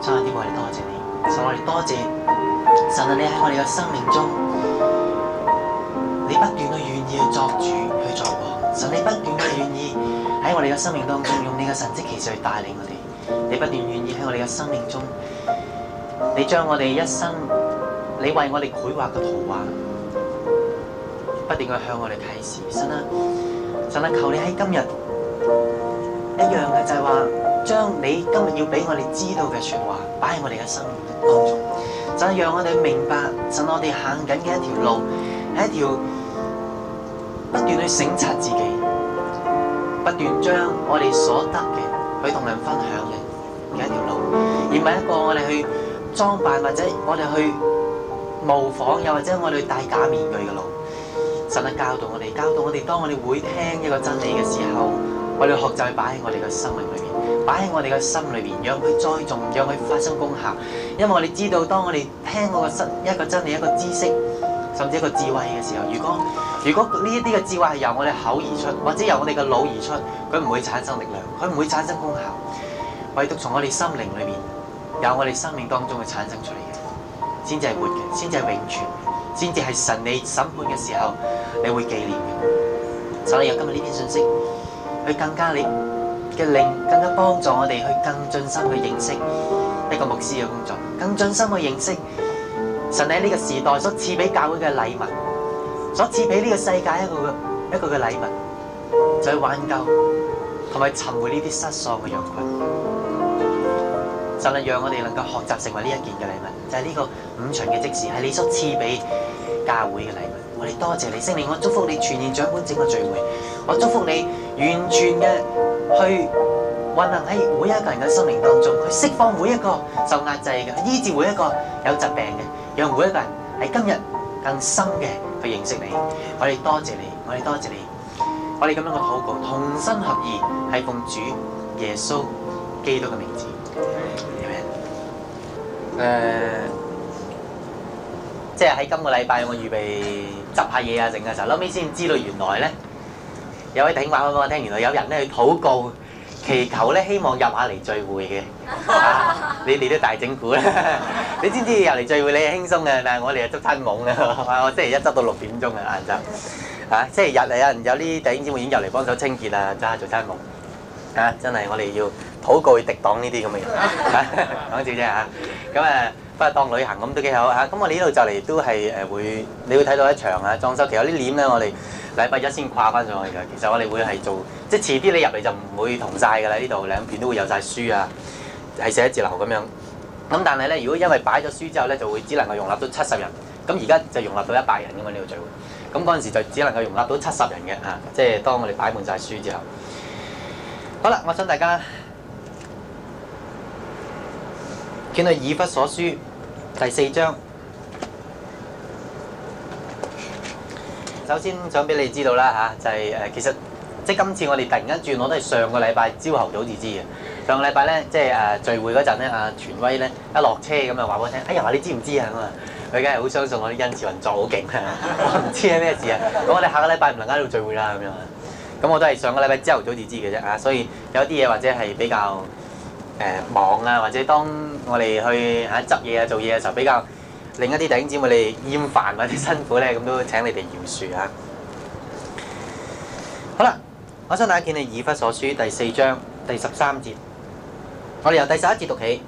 上帝，我哋多謝，謝你。神，我哋多謝，謝神啊！你喺我哋嘅生命中，你不斷去願意去作主、去作王。神，你不斷去願意喺我哋嘅生命當中，用你嘅神蹟奇事去帶領我哋。你不斷願意喺我哋嘅生命中，你將我哋一生，你為我哋繪畫嘅圖畫，不斷去向我哋提示。神啊，神啊，求你喺今日一樣嘅就係話。將你今日要俾我哋知道嘅說話擺喺我哋嘅生活當中，就係讓我哋明白，使我哋行緊嘅一條路係一條不斷去省察自己，不斷將我哋所得嘅去同人分享嘅嘅一條路，而唔係一個我哋去裝扮或者我哋去模仿又或者我哋戴假面具嘅路。神啊，教導我哋，教導我哋，當我哋會聽一個真理嘅時候。我哋學習擺喺我哋嘅生命裏邊，擺喺我哋嘅心裏邊，讓佢栽種，讓佢發生功效。因為我哋知道，當我哋聽嗰個新一個真理、一個知識，甚至一個智慧嘅時候，如果如果呢一啲嘅智慧係由我哋口而出，或者由我哋嘅腦而出，佢唔會產生力量，佢唔會產生功效。唯獨從我哋心靈裏面，由我哋生命當中去產生出嚟嘅，先至係活嘅，先至係永存，先至係神你審判嘅時候你會紀念嘅。所以有今日呢篇信息。去更加你嘅靈更加幫助我哋去更盡心去認識一個牧師嘅工作，更盡心去認識神喺呢個時代所賜俾教會嘅禮物，所賜俾呢個世界一個嘅一個嘅禮物，就去挽救同埋尋回呢啲失喪嘅人。神係讓我哋能夠學習成為呢一件嘅禮物，就係、是、呢個五旬嘅職事，係你所賜俾教會嘅禮物。我哋多謝你，聖靈，我祝福你全然掌管整個聚會，我祝福你完全嘅去運行喺每一個人嘅生命當中，去釋放每一個受壓制嘅，去醫治每一個有疾病嘅，讓每一個人喺今日更深嘅去認識你。我哋多謝你，我哋多謝你，我哋咁樣嘅禱告，同心合意係奉主耶穌基督嘅名字。誒、uh。即係喺今個禮拜，我預備執下嘢啊，整嘅時候，後尾先知道原來咧有位弟兄話開俾我聽，原來有人咧去禱告，祈求咧希望入下嚟聚會嘅。你哋都大整蠱喇，你知唔知入嚟聚會你係輕鬆嘅，但係我哋係執餐懵嘅，我星期一執到六點鐘嘅晏晝。嚇！即係入嚟有人有呢啲弟兄姊妹已經入嚟幫手清潔啊，揸下做餐懵。嚇！真係我哋要禱告去敵擋呢啲咁嘅人。講笑啫嚇，咁啊～不過當旅行咁，啊、都幾好嚇，咁我呢度就嚟都係誒會，你會睇到一場啊裝修，其實啲簾咧我哋禮拜一先掛翻上去嘅。其實我哋會係做，即係遲啲你入嚟就唔會同晒㗎啦。呢度兩邊都會有晒書啊，係寫字樓咁樣。咁，啊、但係咧，如果因為擺咗書之後咧，就會只能夠容納到七十人。咁而家就容納到一百人嘅嘛，呢度聚會。咁嗰陣時就只能夠容納到七十人嘅嚇，啊，即係當我哋擺滿晒書之後。好啦，我想大家見到以弗所書。第四章，首先想俾你知道啦吓，就係、是、誒其實即係今次我哋突然間轉，我都係上個禮拜朝頭早至知嘅。上個禮拜咧，即係誒聚會嗰陣咧，阿、啊、權威咧一落車咁就話我聽，哎呀你知唔知啊咁啊？佢梗係好相信我啲恩慈運作好勁啊！ 我唔知係咩事啊！咁我哋下個禮拜唔能夠喺度聚會啦咁樣。咁我都係上個禮拜朝頭早至知嘅啫啊！所以有啲嘢或者係比較，忙啊，或者當我哋去嚇執嘢啊、做嘢嘅時候，比較另一啲頂子，我哋厭煩或者辛苦咧，咁都請你哋饒恕嚇。好啦，我想大家睇《你以弗所書》第四章第十三節。我哋由第十一節讀起。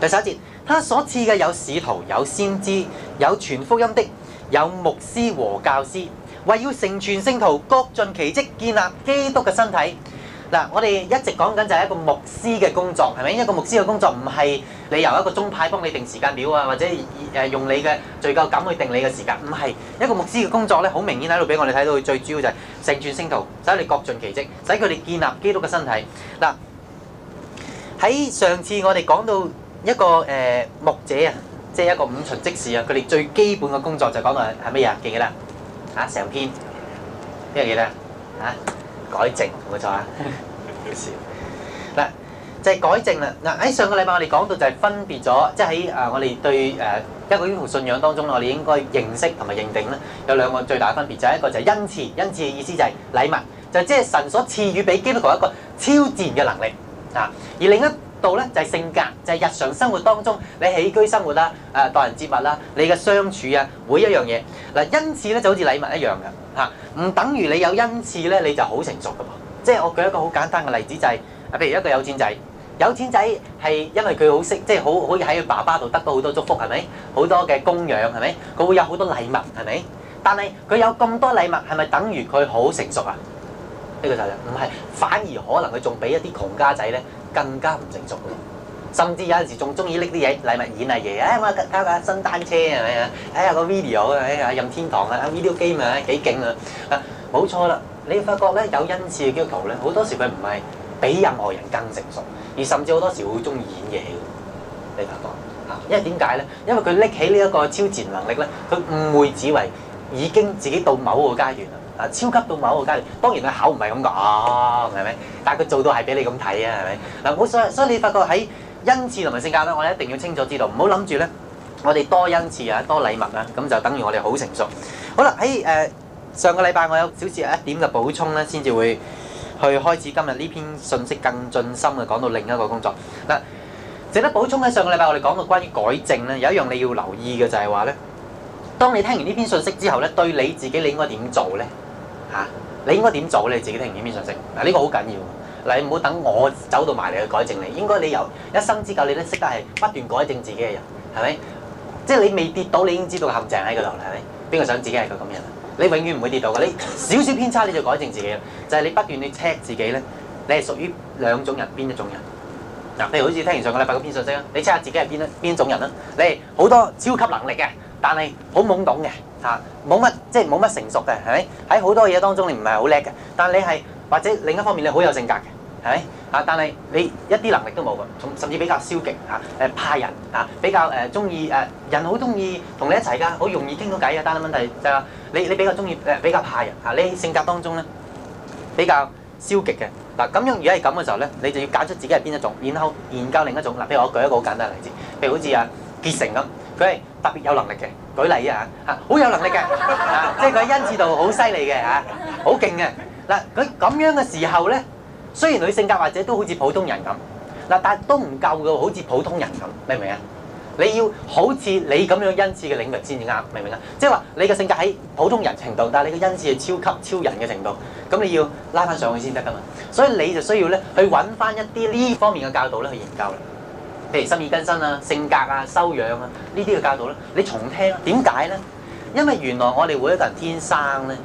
第十一節，他所賜嘅有使徒，有先知，有傳福音的，有牧師和教師，為要成全聖徒，各盡其職，建立基督嘅身體。嗱，我哋一直講緊就係一個牧師嘅工作，係咪？一個牧師嘅工作唔係你由一個宗派幫你定時間表啊，或者誒用你嘅罪疚感去定你嘅時間，唔係一個牧師嘅工作咧，好明顯喺度俾我哋睇到。最主要就係成全聖徒，使佢哋各盡其職，使佢哋建立基督嘅身體。嗱，喺上次我哋講到一個誒牧者啊，即係一個五旬即時啊，佢哋最基本嘅工作就講到係乜嘢啊？記嘅啦，啊，成篇，呢個記得？啊！改正冇錯啊！表 示。嗱，就係改正啦嗱。喺上個禮拜我哋講到就係分別咗，即係喺誒我哋對誒一個呢條信仰當中，我哋應該認識同埋認定咧，有兩個最大分別就係、是、一個就係恩賜，恩賜嘅意思就係禮物，就即、是、係神所賜予俾基督徒一個超自然嘅能力啊，而另一度咧就係、是、性格，就係、是、日常生活當中你起居生活啦、誒、啊、待人接物啦、啊、你嘅相處啊，每一樣嘢嗱，恩賜咧就好似禮物一樣嘅嚇，唔、啊、等於你有恩賜咧，你就好成熟嘅嘛。即係我舉一個好簡單嘅例子，就係、是、啊，譬如一個有錢仔，有錢仔係因為佢好識，即係好可以喺佢爸爸度得到好多祝福，係咪？好多嘅供養，係咪？佢會有好多禮物，係咪？但係佢有咁多禮物，係咪等於佢好成熟啊？呢、這個就係唔係？反而可能佢仲俾一啲窮家仔咧。更加唔成熟，甚至有陣時仲中意拎啲嘢禮物演下嘢，哎呀嘛架架個新單車啊，睇下個 video 啊，哎呀任天堂啊，玩 video game 啊幾勁啊！啊，冇錯啦，你發覺咧有恩賜嘅基督徒咧，好多時佢唔係比任何人更成熟，而甚至好多時會中意演嘢嘅，你發覺嚇？因為點解咧？因為佢拎起呢一個超自然能力咧，佢誤會以為已經自己到某個階段啦。超級到某個階段，當然佢口唔係咁講，係咪？但係佢做到係俾你咁睇啊，係咪？嗱，所所以你發覺喺恩賜同埋性格咧，我哋一定要清楚知道，唔好諗住咧，我哋多恩賜啊，多禮物啊，咁就等於我哋好成熟。好啦，喺誒、呃、上個禮拜我有少少一點嘅補充咧，先至會去開始今日呢篇信息更進深嘅講到另一個工作。嗱、啊，值得補充喺上個禮拜我哋講到關於改正咧，有一樣你要留意嘅就係話咧，當你聽完呢篇信息之後咧，對你自己你應該點做咧？嚇、啊！你應該點做你自己聽完邊篇信息，嗱、啊、呢、這個好緊要。嗱、啊，你唔好等我走到埋嚟去改正你。應該你由一生之久你，你都識得係不斷改正自己嘅人，係咪？即係你未跌到，你已經知道陷阱喺嗰度啦，係咪？邊個想自己係個咁人啊？你永遠唔會跌到嘅。你少少偏差你就改正自己就係、是、你不斷去 check 自己咧，你係屬於兩種人邊一種人？嗱、啊，啊、你好似聽完上個禮拜嗰篇信息啊，你 check 下自己係邊一邊種人啦。你好多超級能力嘅。但係好懵懂嘅嚇，冇、啊、乜即係冇乜成熟嘅，係咪？喺好多嘢當中你唔係好叻嘅，但你係或者另一方面你好有性格嘅，係咪？啊，但係你一啲能力都冇嘅，甚至比較消極嚇，誒、啊、怕人啊，比較誒中意誒人好中意同你一齊㗎，好容易傾到偈嘅，但係問題就係你你比較中意誒比較怕人嚇、啊，你性格當中咧比較消極嘅嗱，咁、啊、樣如果係咁嘅時候咧，你就要揀出自己係邊一種，然後研究另一種。嗱、啊，譬如我舉一個好簡單嘅例子，譬如好似啊結成咁。佢係特別有能力嘅，舉例啊嚇，好有能力嘅，即係佢恩賜度好犀利嘅嚇，好勁嘅嗱，佢咁、啊、樣嘅時候咧，雖然佢性格或者都好似普通人咁嗱、啊，但係都唔夠嘅，好似普通人咁，明唔明啊？你要好似你咁樣恩賜嘅領域先至啱，明唔明啊？即係話你嘅性格喺普通人程度，但係你嘅恩賜係超級超人嘅程度，咁你要拉翻上去先得噶嘛。所以你就需要咧去揾翻一啲呢方面嘅教導咧去研究。譬如心意更新啊、性格啊、修養啊，呢啲嘅教導咧，你重聽點解咧？因為原來我哋每一個人天生咧，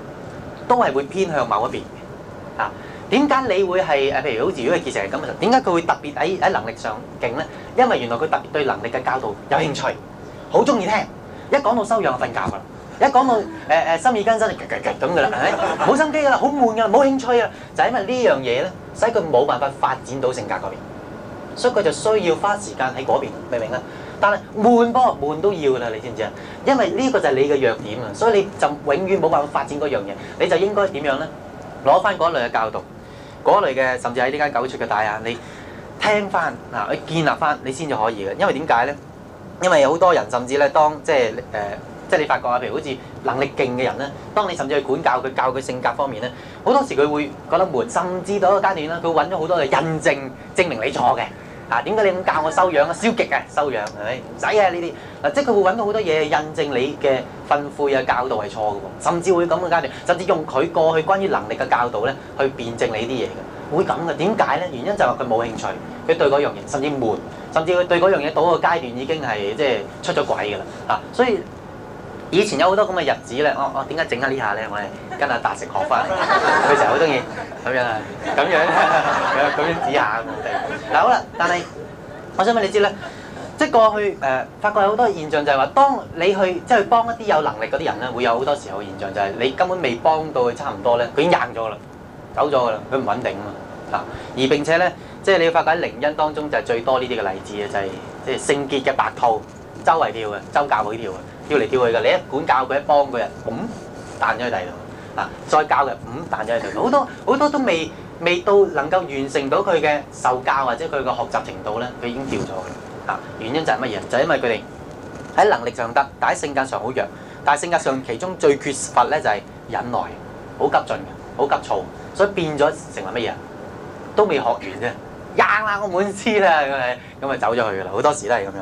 都係會偏向某一邊嘅嚇。點、啊、解你會係誒、啊、譬如好似如果係傑成咁嘅就？點解佢會特別喺喺能力上勁咧？因為原來佢特別對能力嘅教導有興趣，好中意聽。一講到修養就瞓覺噶啦，一講到誒誒、呃、心意更新就噉噶啦，係、啊、冇心機噶啦，好悶噶、啊、啦，冇興趣啊，就係、是、因為樣呢樣嘢咧，使佢冇辦法發展到性格嗰邊。所以佢就需要花時間喺嗰邊，明唔明啊？但係悶噃，悶，悶都要噶啦，你知唔知啊？因為呢個就係你嘅弱點啊，所以你就永遠冇辦法發展嗰樣嘢。你就應該點樣咧？攞翻嗰類嘅教導，嗰類嘅甚至喺呢間九出嘅大啊，你聽翻啊，去建立翻，你先就可以嘅。因為點解咧？因為好多人，甚至咧當即係誒，即係、呃、你發覺啊，譬如好似能力勁嘅人咧，當你甚至去管教佢、教佢性格方面咧，好多時佢會覺得悶，甚至到一個階段啦，佢揾咗好多嘅印證證明你錯嘅。嗱，點解你咁教我修養啊？消極嘅修養係咪？唔使啊呢啲。嗱，即係佢會揾到好多嘢印證你嘅訓誨啊，教導係錯嘅喎，甚至會咁嘅階段，甚至用佢過去關於能力嘅教導咧，去辨證你啲嘢嘅，會咁嘅。點解咧？原因就係佢冇興趣，佢對嗰樣嘢甚至悶，甚至佢對嗰樣嘢到個階段已經係即係出咗軌㗎喇。啊，所以。以前有好多咁嘅日子咧、哦哦，我我點解整下呢下咧？我哋跟阿達食學翻佢成日好中意咁樣啊，咁樣啊，咁樣指下咁嗱好啦，但係我想問你知咧，即係過去誒、呃、發覺有好多現象，就係話當你去即係幫一啲有能力嗰啲人咧，會有好多時候現象就係你根本未幫到佢差唔多咧，佢已經硬咗啦，走咗噶啦，佢唔穩定啊嘛。啊，而並且咧，即係你要發覺喺靈恩當中就係最多呢啲嘅例子啊，就係即係聖潔嘅白兔。周圍跳嘅，周教會跳嘅，跳嚟跳去嘅，你一管教佢，一幫佢啊，咁、嗯、彈咗去第度。啊，再教嘅，咁、嗯、彈咗去第度。好多好多都未未到能夠完成到佢嘅受教或者佢嘅學習程度咧，佢已經掉咗嘅。啊，原因就係乜嘢？就係、因為佢哋喺能力上得，但係性格上好弱。但係性格上其中最缺乏咧就係忍耐，好急進嘅，好急躁。所以變咗成為乜嘢？都未學完啫。啱啦，我滿痴啦，咁咪咁咪走咗去噶啦，好多時都係咁樣。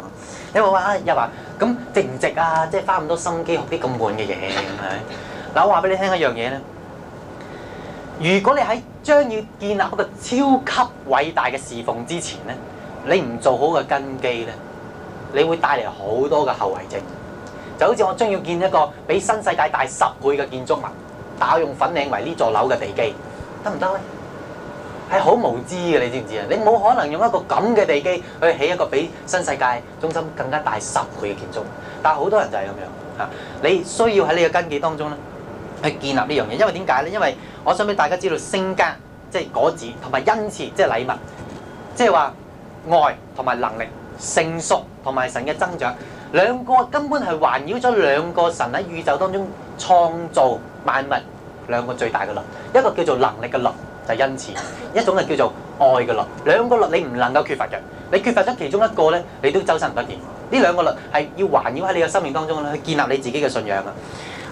有冇話又話咁值唔值啊？即係花咁多心機學啲咁悶嘅嘢咁啊？嗱，我話俾你聽一樣嘢咧，如果你喺將要建立一個超級偉大嘅侍奉之前咧，你唔做好個根基咧，你會帶嚟好多嘅後遺症。就好似我將要建一個比新世界大十倍嘅建築物，但我用粉嶺為呢座樓嘅地基，得唔得咧？係好無知嘅，你知唔知啊？你冇可能用一個咁嘅地基去起一個比新世界中心更加大十倍嘅建築。但係好多人就係咁樣嚇。你需要喺你嘅根基當中咧，去建立呢樣嘢。因為點解咧？因為我想俾大家知道，性格即係果子，同埋恩賜即係禮物，即係話愛同埋能力、成熟同埋神嘅增長兩個根本係環繞咗兩個神喺宇宙當中創造萬物兩個最大嘅力，一個叫做能力嘅力。就因此一種就叫做愛嘅律，兩個律你唔能夠缺乏嘅，你缺乏咗其中一個咧，你都周身唔得掂。呢兩個律係要環繞喺你嘅生命當中去建立你自己嘅信仰啊！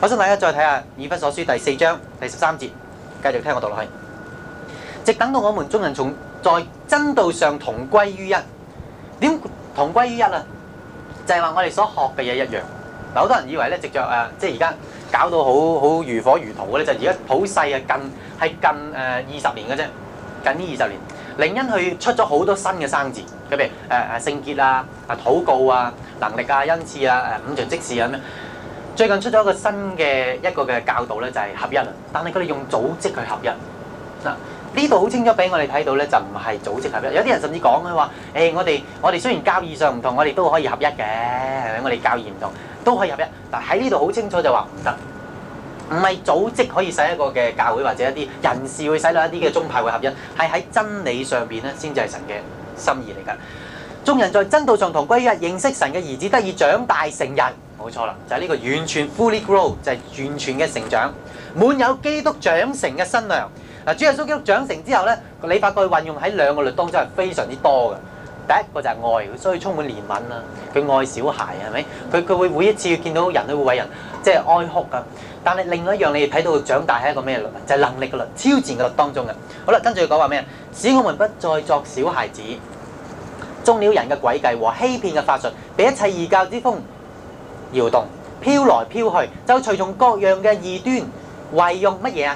我想大家再睇下《以弗所書》第四章第十三節，繼續聽我讀落去。直等到我們眾人從在真道上同歸於一，點同歸於一啊？就係話我哋所學嘅嘢一樣。但好多人以為咧，直着誒，啊，即係而家。搞到好好如火如荼嘅咧，就而家好細啊，近係近誒二十年嘅啫，近呢二十年，靈恩佢出咗好多新嘅生字，譬如誒聖潔啊、誒禱告啊、能力啊、恩賜啊、誒五旬節事啊咁樣，最近出咗一個新嘅一個嘅教導咧，就係合一啦，但係佢哋用組織去合一嗱。呢度好清楚俾我哋睇到咧，就唔係組織合一。有啲人甚至講佢話，誒、哎，我哋我哋雖然教義上唔同，我哋都可以合一嘅。係咪？我哋教義唔同都可以合一。但喺呢度好清楚就話唔得，唔係組織可以使一個嘅教會或者一啲人士會使到一啲嘅宗派會合一，係喺真理上邊咧先至係神嘅心意嚟㗎。眾人在真道上同歸於一，認識神嘅兒子，得以長大成人。冇錯啦，就係、是、呢個完全 fully grow 就係完全嘅成長，滿有基督長成嘅新娘。嗱，主耶穌基督長成之後咧，你發覺佢運用喺兩個律當中係非常之多嘅。第一個就係愛，所以充滿憐憫啊。佢愛小孩，係咪？佢佢會每一次見到人都會為人，即係哀哭㗎。但係另外一樣你睇到佢長大係一個咩律？就係能力嘅律，超自然嘅律當中嘅。好啦，跟住佢講話咩？使我們不再作小孩子，中了人嘅詭計和欺騙嘅法術，俾一切異教之風搖動、飄來飄去，就隨從各樣嘅異端，為用乜嘢啊？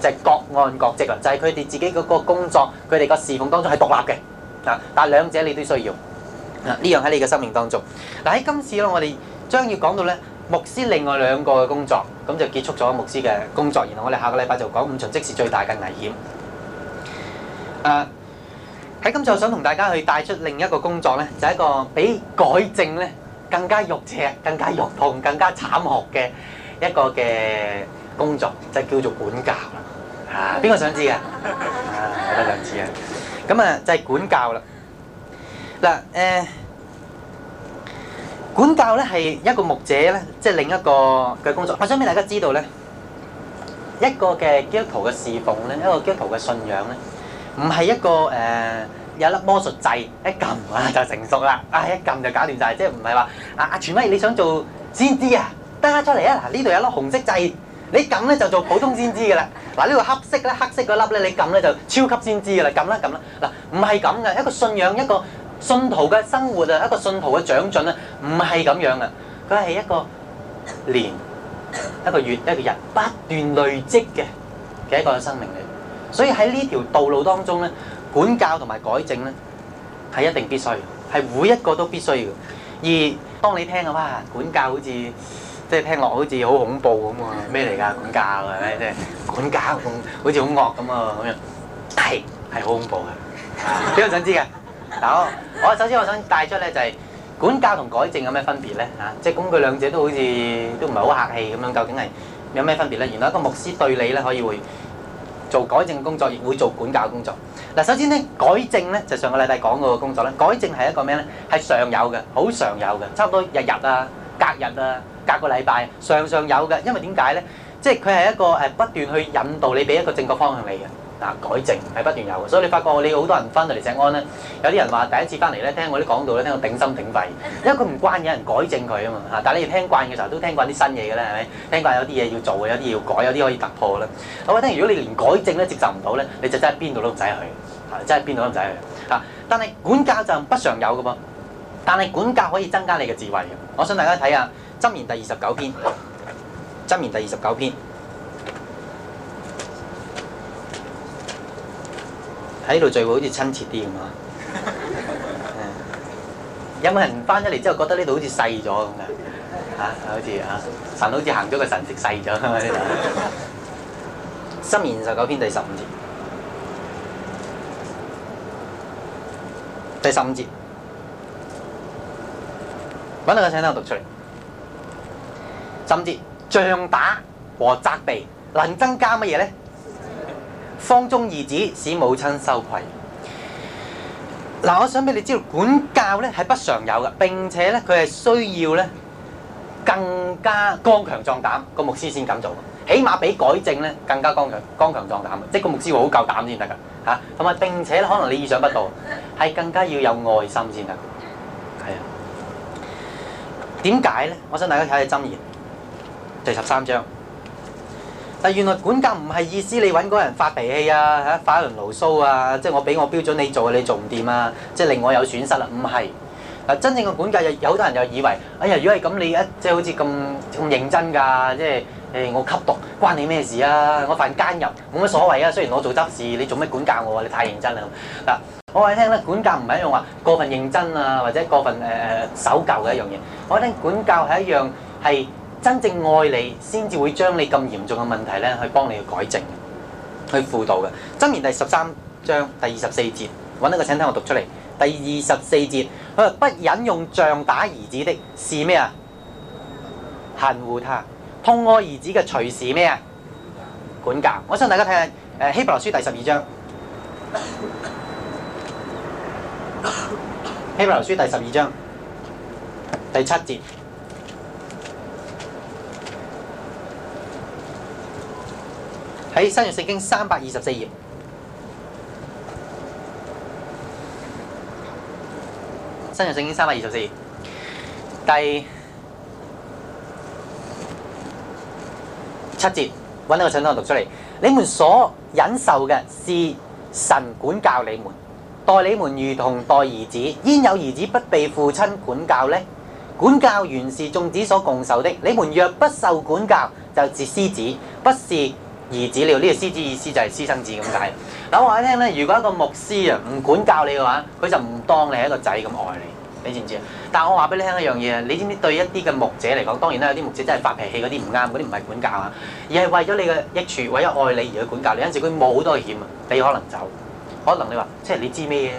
就係各按各職啦，就係佢哋自己嗰個工作，佢哋個侍奉當中係獨立嘅啊。但兩者你都需要啊，呢樣喺你嘅生命當中。嗱喺今次咧，我哋將要講到咧牧師另外兩個嘅工作，咁就結束咗牧師嘅工作。然後我哋下個禮拜就講誤存即係最大嘅危險。誒喺今次我想同大家去帶出另一個工作咧，就係一個比改正咧更加肉赤、更加肉痛、更加慘酷嘅一個嘅工作，就係叫做管教。嚇！邊個想知啊？啊！有得想知啊！咁啊，就係管教啦。嗱誒，管教咧係一個牧者咧，即係另一個嘅工作。我想俾大家知道咧，一個嘅基督徒嘅侍奉咧，一個基督徒嘅信仰咧，唔係一個誒有粒魔術掣一撳啊就成熟啦，啊一撳就搞掂曬，即係唔係話啊啊全威你想做先知啊？得啦出嚟啊！嗱呢度有粒紅色掣。你撳咧就做普通先知嘅啦，嗱呢個黑色咧，黑色嗰粒咧你撳咧就超級先知嘅啦，撳啦撳啦，嗱唔係咁嘅，一個信仰一個信徒嘅生活啊，一個信徒嘅長進啊，唔係咁樣嘅，佢係一個年一個月一個日不斷累積嘅嘅一個生命嚟，所以喺呢條道路當中咧，管教同埋改正咧係一定必須，係每一個都必須嘅，而當你聽嘅話，管教好似～即係聽落好似好恐怖咁喎，咩嚟㗎？管教係咪即係管教？咁好似好惡咁啊？咁樣係係好恐怖嘅，邊個想知嘅？嗱，我我首先我想帶出咧就係管教同改正有咩分別咧？嚇，即係咁佢兩者都好似都唔係好客氣咁樣，究竟係有咩分別咧？原來一個牧師對你咧可以會做改正嘅工作，亦會做管教工作。嗱，首先咧改正咧就上個禮拜講過嘅工作咧，改正係一個咩咧？係常有嘅，好常有嘅，差唔多日日啊、隔日啊。隔個禮拜，常常有嘅，因為點解咧？即係佢係一個誒不斷去引導你，俾一個正確方向你嘅嗱，改正係不斷有嘅。所以你發覺你好多人翻到嚟請安咧，有啲人話第一次翻嚟咧，聽我啲講道咧，聽到頂心頂肺，因為佢唔慣有人改正佢啊嘛嚇。但係你聽慣嘅時候，都聽慣啲新嘢嘅咧，係咪？聽慣有啲嘢要做，有啲要改，有啲可以突破啦。我覺得如果你連改正咧，接受唔到咧，你就真係邊度都唔使去，啊、真係邊度都唔使去嚇、啊。但係管教就不常有嘅噃，但係管教可以增加你嘅智慧。我想大家睇下。箴言第二十九篇，箴言第二十九篇，喺度聚會好似親切啲咁啊！有冇人翻咗嚟之後覺得呢度好似細咗咁嘅？嚇、啊，好似嚇神好似行咗個神跡細咗咁啊！箴言二十九篇第十五節，第十五節，揾到個聲等我讀出嚟。甚至杖打和責備，能增加乜嘢咧？放縱兒子使母親羞愧。嗱，我想俾你知道，管教咧係不常有嘅，並且咧佢係需要咧更加剛強壯膽個牧師先敢做，起碼比改正咧更加剛強剛強壯膽，即個牧師會好夠膽先得㗎嚇。同埋並且咧，可能你意想不到，係更加要有愛心先得。係啊，點解咧？我想大家睇下箴言。第十三章，但原來管教唔係意思你揾個人發脾氣啊嚇，發、啊、一輪牢騷啊，即係我俾我標準你做，你做唔掂啊，即係令我有損失啦、啊。唔係，嗱、啊、真正嘅管教有好多人又以為哎呀，如果係咁你一即係好似咁咁認真㗎，即係誒、欸、我吸毒關你咩事啊？我犯奸淫冇乜所謂啊。雖然我做執事，你做咩管教我啊？你太認真啦。嗱、啊，我話你聽啦，管教唔係一樣話過分認真啊，或者過分誒、呃、守舊嘅一樣嘢。我話你聽，管教係一樣係。真正愛你，先至會將你咁嚴重嘅問題咧，去幫你去改正，去輔導嘅。箴言第十三章第二十四節，揾一個請聽我讀出嚟。第二十四節，佢話不忍用杖打兒子的是咩啊？恨護他，痛愛兒子嘅隨時咩啊？管教。我相信大家睇下誒希伯來書第十二章，希伯來書第十二章， 第十二章第七節。喺《新約聖經》三百二十四頁，《新約聖經》三百二十四頁，第七節，揾一個襯燈讀出嚟。你們所忍受嘅是神管教你們，待你們如同待兒子。焉有兒子不被父親管教呢？管教原是眾子所共受的。你們若不受管教，就是私子，不是。兒子了，呢個師子意思就係私生子咁解。諗我話俾你聽咧，如果一個牧師啊唔管教你嘅話，佢就唔當你係一個仔咁愛你，你知唔知啊？但係我話俾你聽一樣嘢，你知唔知對一啲嘅牧者嚟講，當然啦，有啲牧者真係發脾氣嗰啲唔啱，嗰啲唔係管教啊，而係為咗你嘅益處，為咗愛你而去管教你。有陣時佢冇好多危險啊，你可能走，可能你話即係你知咩嘢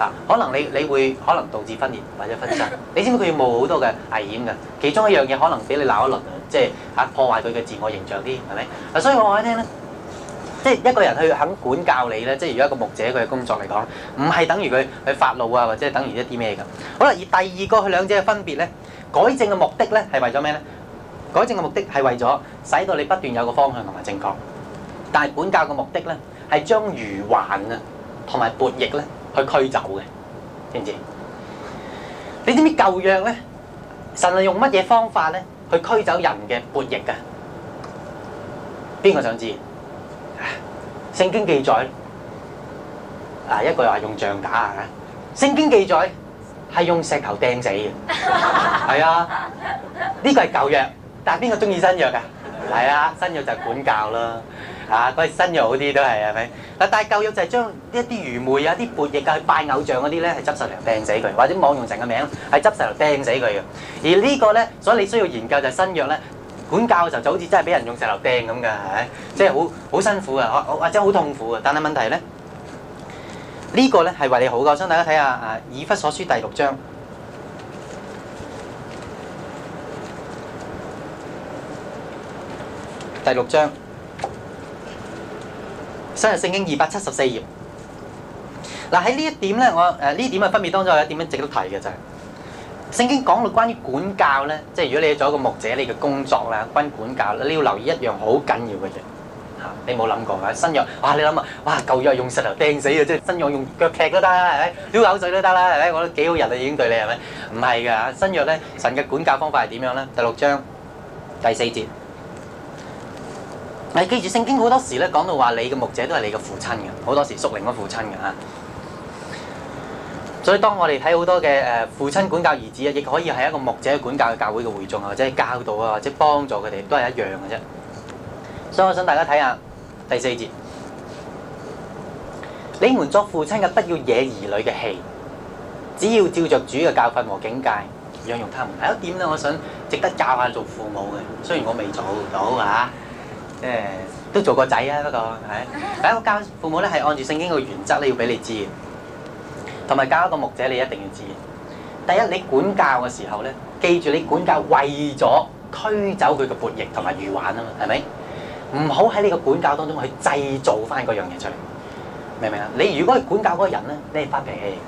啊，可能你你會可能導致分裂或者分散，你知唔知佢要冒好多嘅危險嘅？其中一樣嘢可能俾你鬧一輪啊，即係嚇破壞佢嘅自我形象啲，係咪？啊，所以我話俾你聽咧，即係一個人去肯管教你咧，即係如果一個牧者佢嘅工作嚟講，唔係等於佢去發怒啊，或者係等於一啲咩㗎？好啦，而第二個佢兩者嘅分別咧，改正嘅目的咧係為咗咩咧？改正嘅目的係為咗使到你不斷有個方向同埋正確，但係管教嘅目的咧係將餘患啊同埋撥液咧。去驅走嘅，知唔知？你知唔知舊約咧？神係用乜嘢方法咧？去驅走人嘅叛逆噶？邊個想知？聖經記載啊，一句話用杖打啊！聖經記載係用石頭掟死嘅，係啊！呢個係舊約，但係邊個中意新約啊？係啊，新約就係管教啦。啊！嗰啲新藥好啲都係，係咪？嗱，但係舊藥就係將呢一啲愚昧啊、啲叛逆啊、去拜偶像嗰啲咧，係執石頭掟死佢，或者妄用神嘅名係執石頭掟死佢嘅。而呢個咧，所以你需要研究就係新藥咧，管教嘅時候就好似真係俾人用石頭掟咁嘅，係即係好好辛苦嘅，或或者好痛苦嘅。但係問題咧，呢個咧係為你好嘅。我想大家睇下啊，《以弗所書》第六章，第六章。所以聖經二百七十四頁，嗱喺呢一點咧，我誒呢、啊、點嘅分別當中，我有一點值得提嘅就係聖經講到關於管教咧，即係如果你做一個牧者，你嘅工作啦、關管教，你要留意一樣好緊要嘅嘢嚇，你冇諗過啊？新約哇，你諗下，哇舊約用石頭掟死啊，即係新約用腳踢都得啦，係，丟口水都得啦，係，我都幾好人啊，已經對你係咪？唔係噶，新約咧，神嘅管教方法係點樣咧？第六章第四節。你記住聖經好多時咧，講到話你嘅牧者都係你嘅父親嘅，好多時屬靈嘅父親嘅嚇。所以當我哋睇好多嘅誒父親管教兒子啊，亦可以係一個牧者管教教會嘅會眾啊，或者係教導啊，或者幫助佢哋都係一樣嘅啫。所以我想大家睇下第四節，你們作父親嘅，不要惹兒女嘅氣，只要照着主嘅教訓和警戒養育他們。一點咧？我想值得教下做父母嘅，雖然我未做到嚇。啊即係都做個仔啊！不過，係第一個教父母咧，係按住聖經個原則咧，要俾你知，同埋教一個牧者，你一定要知。第一，你管教嘅時候咧，記住你管教為咗推走佢嘅叛逆同埋愚玩啊嘛，係咪？唔好喺你個管教當中去製造翻嗰樣嘢出嚟，明唔明啊？你如果去管教嗰個人咧，你係發脾氣，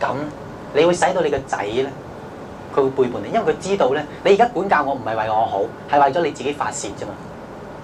咁你會使到你個仔咧，佢會背叛你，因為佢知道咧，你而家管教我唔係為我好，係為咗你自己發泄啫嘛。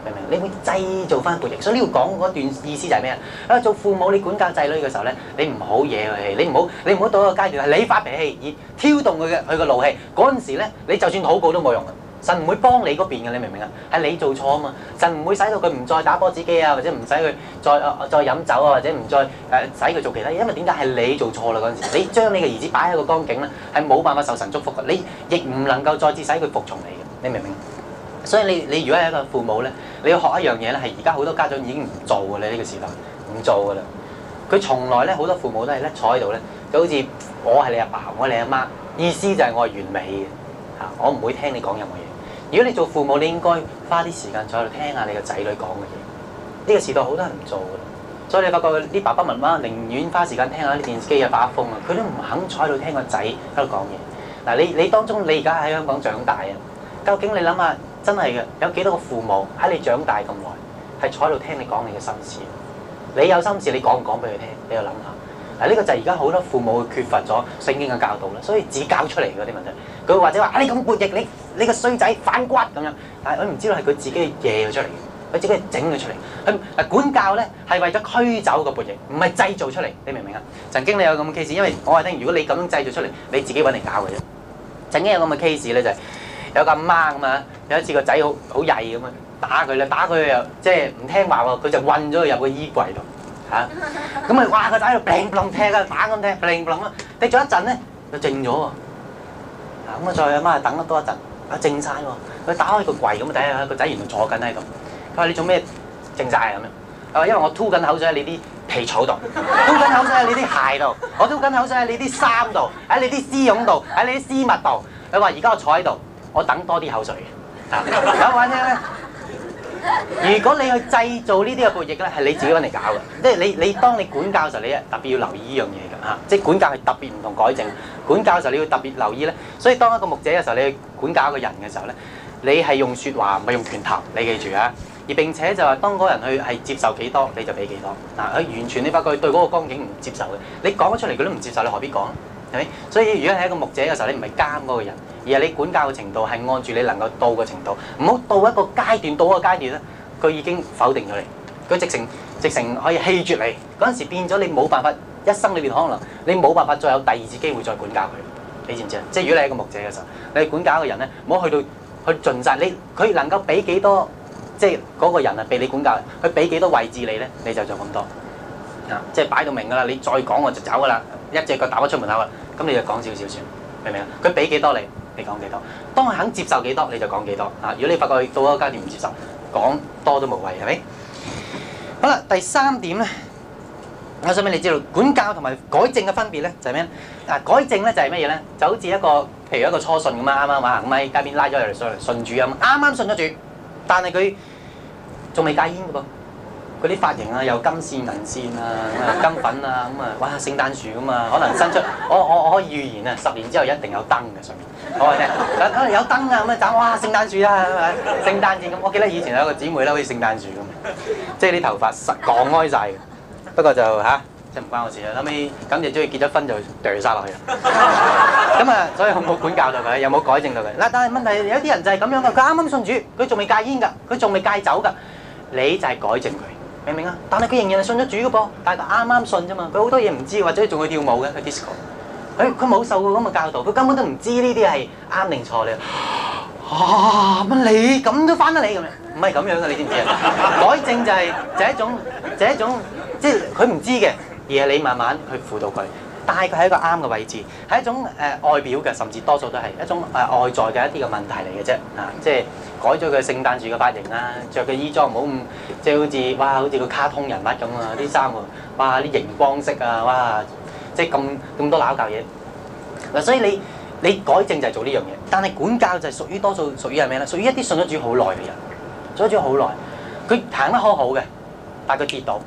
明唔明？你會製造翻叛逆，所以呢度講嗰段意思就係咩啊？啊，做父母你管教仔女嘅時候咧，你唔好惹佢氣，你唔好，你唔好到一個階段係你發脾氣而挑動佢嘅佢個怒氣。嗰陣時咧，你就算禱告都冇用，神唔會幫你嗰邊嘅，你明唔明啊？係你做錯啊嘛，神唔會使到佢唔再打波子機啊，或者唔使佢再再飲酒啊，或者唔再誒、呃、使佢做其他嘢，因為點解係你做錯啦，嗰陣時，你將你嘅兒子擺喺個光景咧，係冇辦法受神祝福嘅，你亦唔能夠再次使佢服從你嘅，你明唔明？所以你你如果係一個父母咧，你要學一樣嘢咧，係而家好多家長已經唔做㗎，你呢個時代唔做㗎啦。佢從來咧好多父母都係咧坐喺度咧，就好似我係你阿爸，爸，我係你阿媽，意思就係我係完美嘅嚇，我唔會聽你講任何嘢。如果你做父母，你應該花啲時間坐喺度聽下你個仔女講嘅嘢。呢個時代好多人唔做㗎啦，所以你發覺啲爸爸媽媽寧願花時間聽下啲電視機啊發下瘋啊，佢都唔肯坐喺度聽個仔喺度講嘢。嗱，你你當中你而家喺香港長大啊？究竟你諗下，真係嘅有幾多個父母喺你長大咁耐，係坐喺度聽你講你嘅心事？你有心事，你講唔講俾佢聽？你就諗下。嗱，呢個就係而家好多父母缺乏咗聖經嘅教導啦，所以指教出嚟嗰啲問題，佢或者話，啊，你咁叛逆，你你個衰仔反骨咁樣，但係佢唔知道係佢自己嘅嘢出嚟嘅，佢自己整佢出嚟。佢管教咧係為咗驅走個叛逆，唔係製造出嚟。你明唔明啊？曾經你有咁嘅 case，因為我話你，如果你咁樣製造出嚟，你自己揾嚟搞嘅啫。曾經有咁嘅 case 咧就係、是。有個阿媽咁啊，有一次個仔好好曳咁樣，打佢啦，打佢又即係唔聽話喎，佢就暈咗佢入個衣櫃度嚇，咁啊話個仔喺度乒啷踢啊，打咁踢，乒啷啊，踢咗一陣咧，佢靜咗喎，啊咁啊再阿媽又等得多一陣，阿靜曬喎，佢打開個櫃咁啊睇下個仔原來坐緊喺度，佢話你做咩靜曬啊咁樣？佢話因為我吐緊口水喺你啲皮草度，吐緊口水喺你啲鞋度，我吐緊口水喺你啲衫度，喺你啲絲絨度，喺你啲絲襪度，佢話而家我坐喺度。我等多啲口水啊，講翻先。如果你去製造呢啲嘅背逆咧，係你自己揾嚟搞嘅，即係你你當你管教嘅時候，你特別要留意呢樣嘢嘅嚇，即係管教係特別唔同改正。管教嘅時候你要特別留意咧，所以當一個牧者嘅時候，你去管教一個人嘅時候咧，你係用説話唔係用拳頭，你記住啊！而並且就係、是、當嗰個人去係接受幾多，你就俾幾多。嗱，啊，佢完全你發覺對嗰個光景唔接受嘅，你講咗出嚟佢都唔接受，你何必講？係咪？所以如果你係一個牧者嘅時候，你唔係監嗰個人，而係你管教嘅程度係按住你能夠到嘅程度，唔好到一個階段，到一個階段咧，佢已經否定咗你，佢直情直情可以棄絕你。嗰陣時變咗，你冇辦法一生裏邊可能你冇辦法再有第二次機會再管教佢。你知唔知啊？即係如果你係一個牧者嘅時候，你管教一個人咧，唔好去到去盡責你，你佢能夠俾幾多，即係嗰個人啊俾你管教，佢俾幾多位置你咧，你就做咁多。即係擺到明㗎啦，你再講我就走㗎啦，一隻腳打我出門口啊！咁你就講少少算，明唔明啊？佢俾幾多你，你講幾多？當佢肯接受幾多，你就講幾多啊！如果你發覺到個階段唔接受，講多都無謂，係咪？好啦，第三點咧，我想俾你知道管教同埋改正嘅分別咧，就係咩咧？改正咧就係乜嘢咧？就好似一個，譬如一個初信咁啊，啱啱話咁咪街邊拉咗入嚟信主咁，啱啱信咗主，但係佢仲未戒煙㗎噃。佢啲髮型啊，又金線銀線啊，金粉啊，咁啊，哇！聖誕樹咁啊，可能伸出我我我可以預言啊，十年之後一定有燈嘅上面，好唔好聽？嗱、哦、可能有燈啊，咁啊盞，哇！聖誕樹啦、啊，聖誕節咁、啊，我記得以前有個姊妹咧，好似聖誕樹咁，即係啲頭髮散綁開晒，嘅。不過就嚇，即、啊、唔關我事啊。後屘咁就中意結咗婚就掉晒落去啦。咁啊，所以有冇管教到佢？有冇改正到佢？嗱，但係問題有啲人就係咁樣嘅，佢啱啱信主，佢仲未戒煙㗎，佢仲未戒酒㗎，你就係改正佢。明啊？但係佢仍然係信咗主嘅噃，但係啱啱信啫嘛。佢好多嘢唔知，或者仲去跳舞嘅，去 disco。佢佢冇受過咁嘅教導，佢根本都唔知呢啲係啱定錯咧。啊，乜你咁都翻得嚟咁樣？唔係咁樣嘅，你知唔知啊？ 改正就係就係一種，就係一種，即係佢唔知嘅，而係你慢慢去輔導佢。帶佢喺一個啱嘅位置，係一種誒外表嘅，甚至多數都係一種誒外在嘅一啲嘅問題嚟嘅啫。啊，即係改咗佢聖誕樹嘅髮型啦，着佢衣裝唔好咁，即係好似哇，好似個卡通人物咁啊！啲衫啊，哇，啲熒光色啊，哇，即係咁咁多攋嚿嘢嗱，所以你你改正就係做呢樣嘢，但係管教就係屬於多數屬於係咩咧？屬於一啲信咗主好耐嘅人，信咗主好耐，佢行得好好嘅，但係佢跌倒。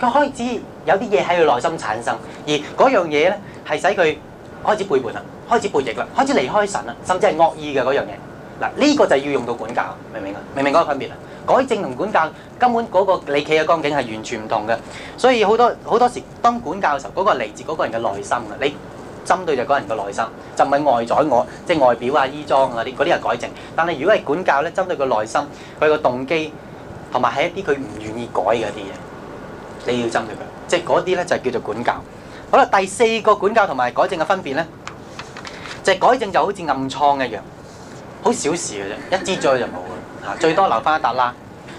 佢開始有啲嘢喺佢內心產生，而嗰樣嘢咧係使佢開始背叛啦，開始背逆啦，開始離開神啦，甚至係惡意嘅嗰樣嘢。嗱，呢個就要用到管教，明唔明啊？明唔明嗰個分別啊？改正同管教根本嗰個你企嘅光景係完全唔同嘅。所以好多好多時當管教嘅時候，嗰個係嚟自嗰個人嘅內心啊，你針對就嗰人嘅內心，就唔係外在我，即係外表啊、衣裝啊啲嗰啲係改正。但係如果係管教咧，針對個內心佢個動機，同埋係一啲佢唔願意改嘅啲嘢。你要針對佢，即係嗰啲咧就叫做管教。好啦，第四個管教同埋改正嘅分別咧，就係、是、改正就好似暗瘡一樣，好小事嘅啫，一擠咗就冇啦，最多留翻一笪瘌，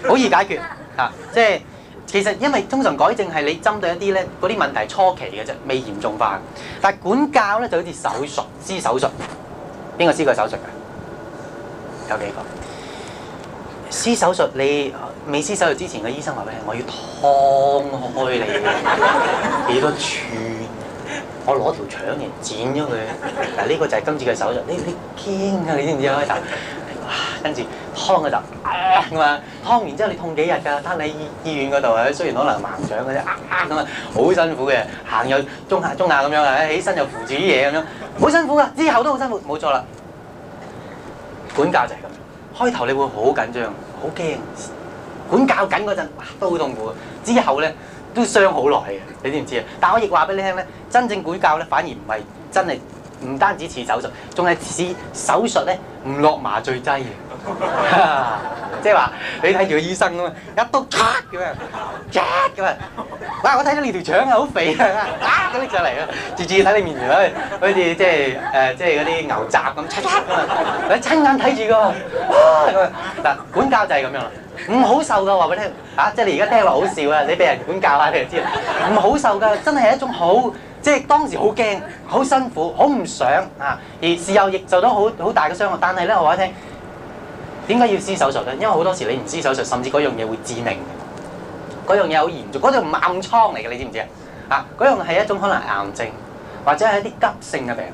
好易解決。嚇、啊，即、就、係、是、其實因為通常改正係你針對一啲咧嗰啲問題初期嘅啫，未嚴重化。但係管教咧就好似手術，支手術，邊個知個手術㗎？有幾個？施手術，你未施手術之前嘅醫生話俾你，我要劏開你，幾多寸？我攞條腸嚟剪咗佢。嗱，呢個就係今次嘅手術。你你驚啊？你知唔知啊？嗱，跟住劏嗰陣咁嘛，劏完之後你痛幾日㗎？攤喺醫院嗰度啊，雖然可能盲腸嗰啲啊咁啊，好、啊、辛苦嘅，行又中下中下咁樣啊，起身又扶住啲嘢咁樣，好辛苦㗎。之後都好辛苦，冇錯啦。管教就係咁。開頭你會好緊張，好驚，管教緊嗰陣，哇都好痛苦。之後咧都傷好耐嘅，你知唔知啊？但係我亦話俾你聽咧，真正管教咧反而唔係真係。唔單止似手術，仲係似手術咧，唔落麻醉劑嘅， 即係話你睇住個醫生咁啊，一刀咔咁樣，嚓咁樣，哇！我睇到你條腸啊，好肥啊，嚓拎上嚟咯，直次睇你面面好似即係誒，即係嗰啲牛雜咁嚓咁親眼睇住個嗱，管教就係咁樣咯，唔好受噶，話俾你聽啊！即係你而家聽落好笑啊，你俾人管教下你就知啦，唔好受噶，真係係一種好。即係當時好驚、好辛苦、好唔想啊！而事後亦受到好好大嘅傷害。但係咧，我話你聽，點解要施手術咧？因為好多時你唔施手術，甚至嗰樣嘢會致命。嗰樣嘢好嚴重，唔係暗瘡嚟嘅，你知唔知啊？啊，嗰樣係一種可能癌症或者係一啲急性嘅病。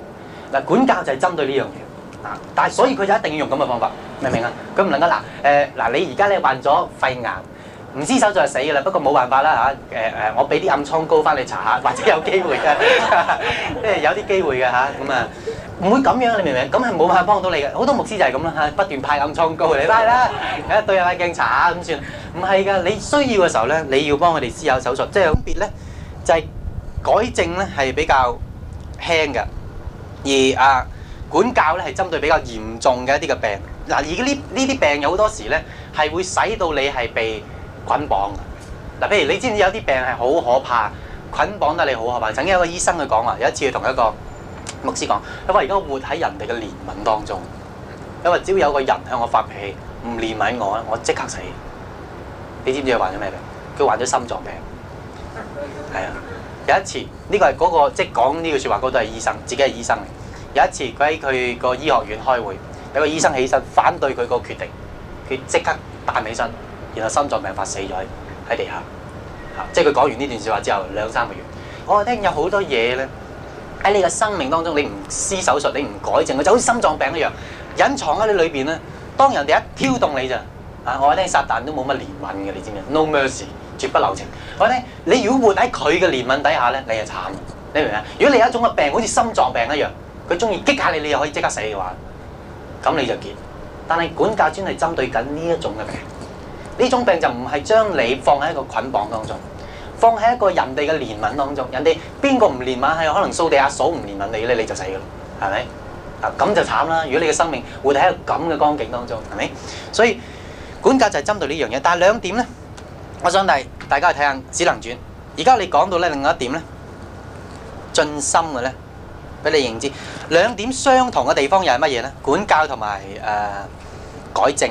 嗱、啊，管教就係針對呢樣嘢啊！但係所以佢就一定要用咁嘅方法，嗯、明唔明啊？佢唔能夠嗱誒嗱，呃呃、你而家咧患咗肺癌。唔知手術係死嘅啦，不過冇辦法啦嚇。誒誒，我俾啲暗瘡膏翻嚟查下，或者有機會嘅，即係有啲機會嘅嚇。咁啊，唔會咁樣，你明唔明？咁係冇辦法幫到你嘅。好多牧師就係咁啦嚇，不斷派暗瘡膏嚟啦，一堆入塊鏡查下咁算。唔係噶，你需要嘅時候咧，你要幫佢哋私有手術。即係分別咧，就係改正咧係比較輕嘅，而啊管教咧係針對比較嚴重嘅一啲嘅病。嗱，而家呢呢啲病有好多時咧係會使到你係被。捆綁嘅嗱，譬如你知唔知有啲病係好可怕，捆綁得你好可怕。曾經有個醫生佢講話，有一次佢同一個牧師講，佢話而家活喺人哋嘅憐憫當中，因為只要有個人向我發脾氣，唔憐憫我咧，我即刻死。你知唔知佢患咗咩病？佢患咗心臟病。係啊，有一次呢個係嗰個即係講呢句說話嗰度係醫生，自己係醫生嚟。有一次佢喺佢個醫學院開會，有個醫生起身反對佢個決定，佢即刻彈起身。然後心臟病發死咗喺喺地下，吓、啊，即係佢講完呢段說話之後兩三個月，我話聽有好多嘢咧喺你嘅生命當中，你唔施手術，你唔改正，佢就好似心臟病一樣隱藏喺你裏邊咧。當人哋一挑動你咋啊？我話聽撒旦都冇乜憐憫嘅，你知唔知？No mercy，絕不留情。我話聽你如果活喺佢嘅憐憫底下咧，你就慘，你明唔明？如果你有一種嘅病好似心臟病一樣，佢中意激下你，你又可以即刻死嘅話，咁你就結。但係管教專係針對緊呢一種嘅病。呢種病就唔係將你放喺一個捆綁當中，放喺一個人哋嘅憐憫當中，人哋邊個唔憐憫？係可能掃地阿嫂唔憐憫你咧，你就死㗎啦，係咪？啊，咁就慘啦！如果你嘅生命活喺一個咁嘅光景當中，係咪？所以管教就係針對呢樣嘢，但係兩點咧，我想帶大家去睇下，只能轉。而家我哋講到咧，另外一點咧，盡心嘅咧，俾你認知。兩點相同嘅地方又係乜嘢咧？管教同埋誒改正。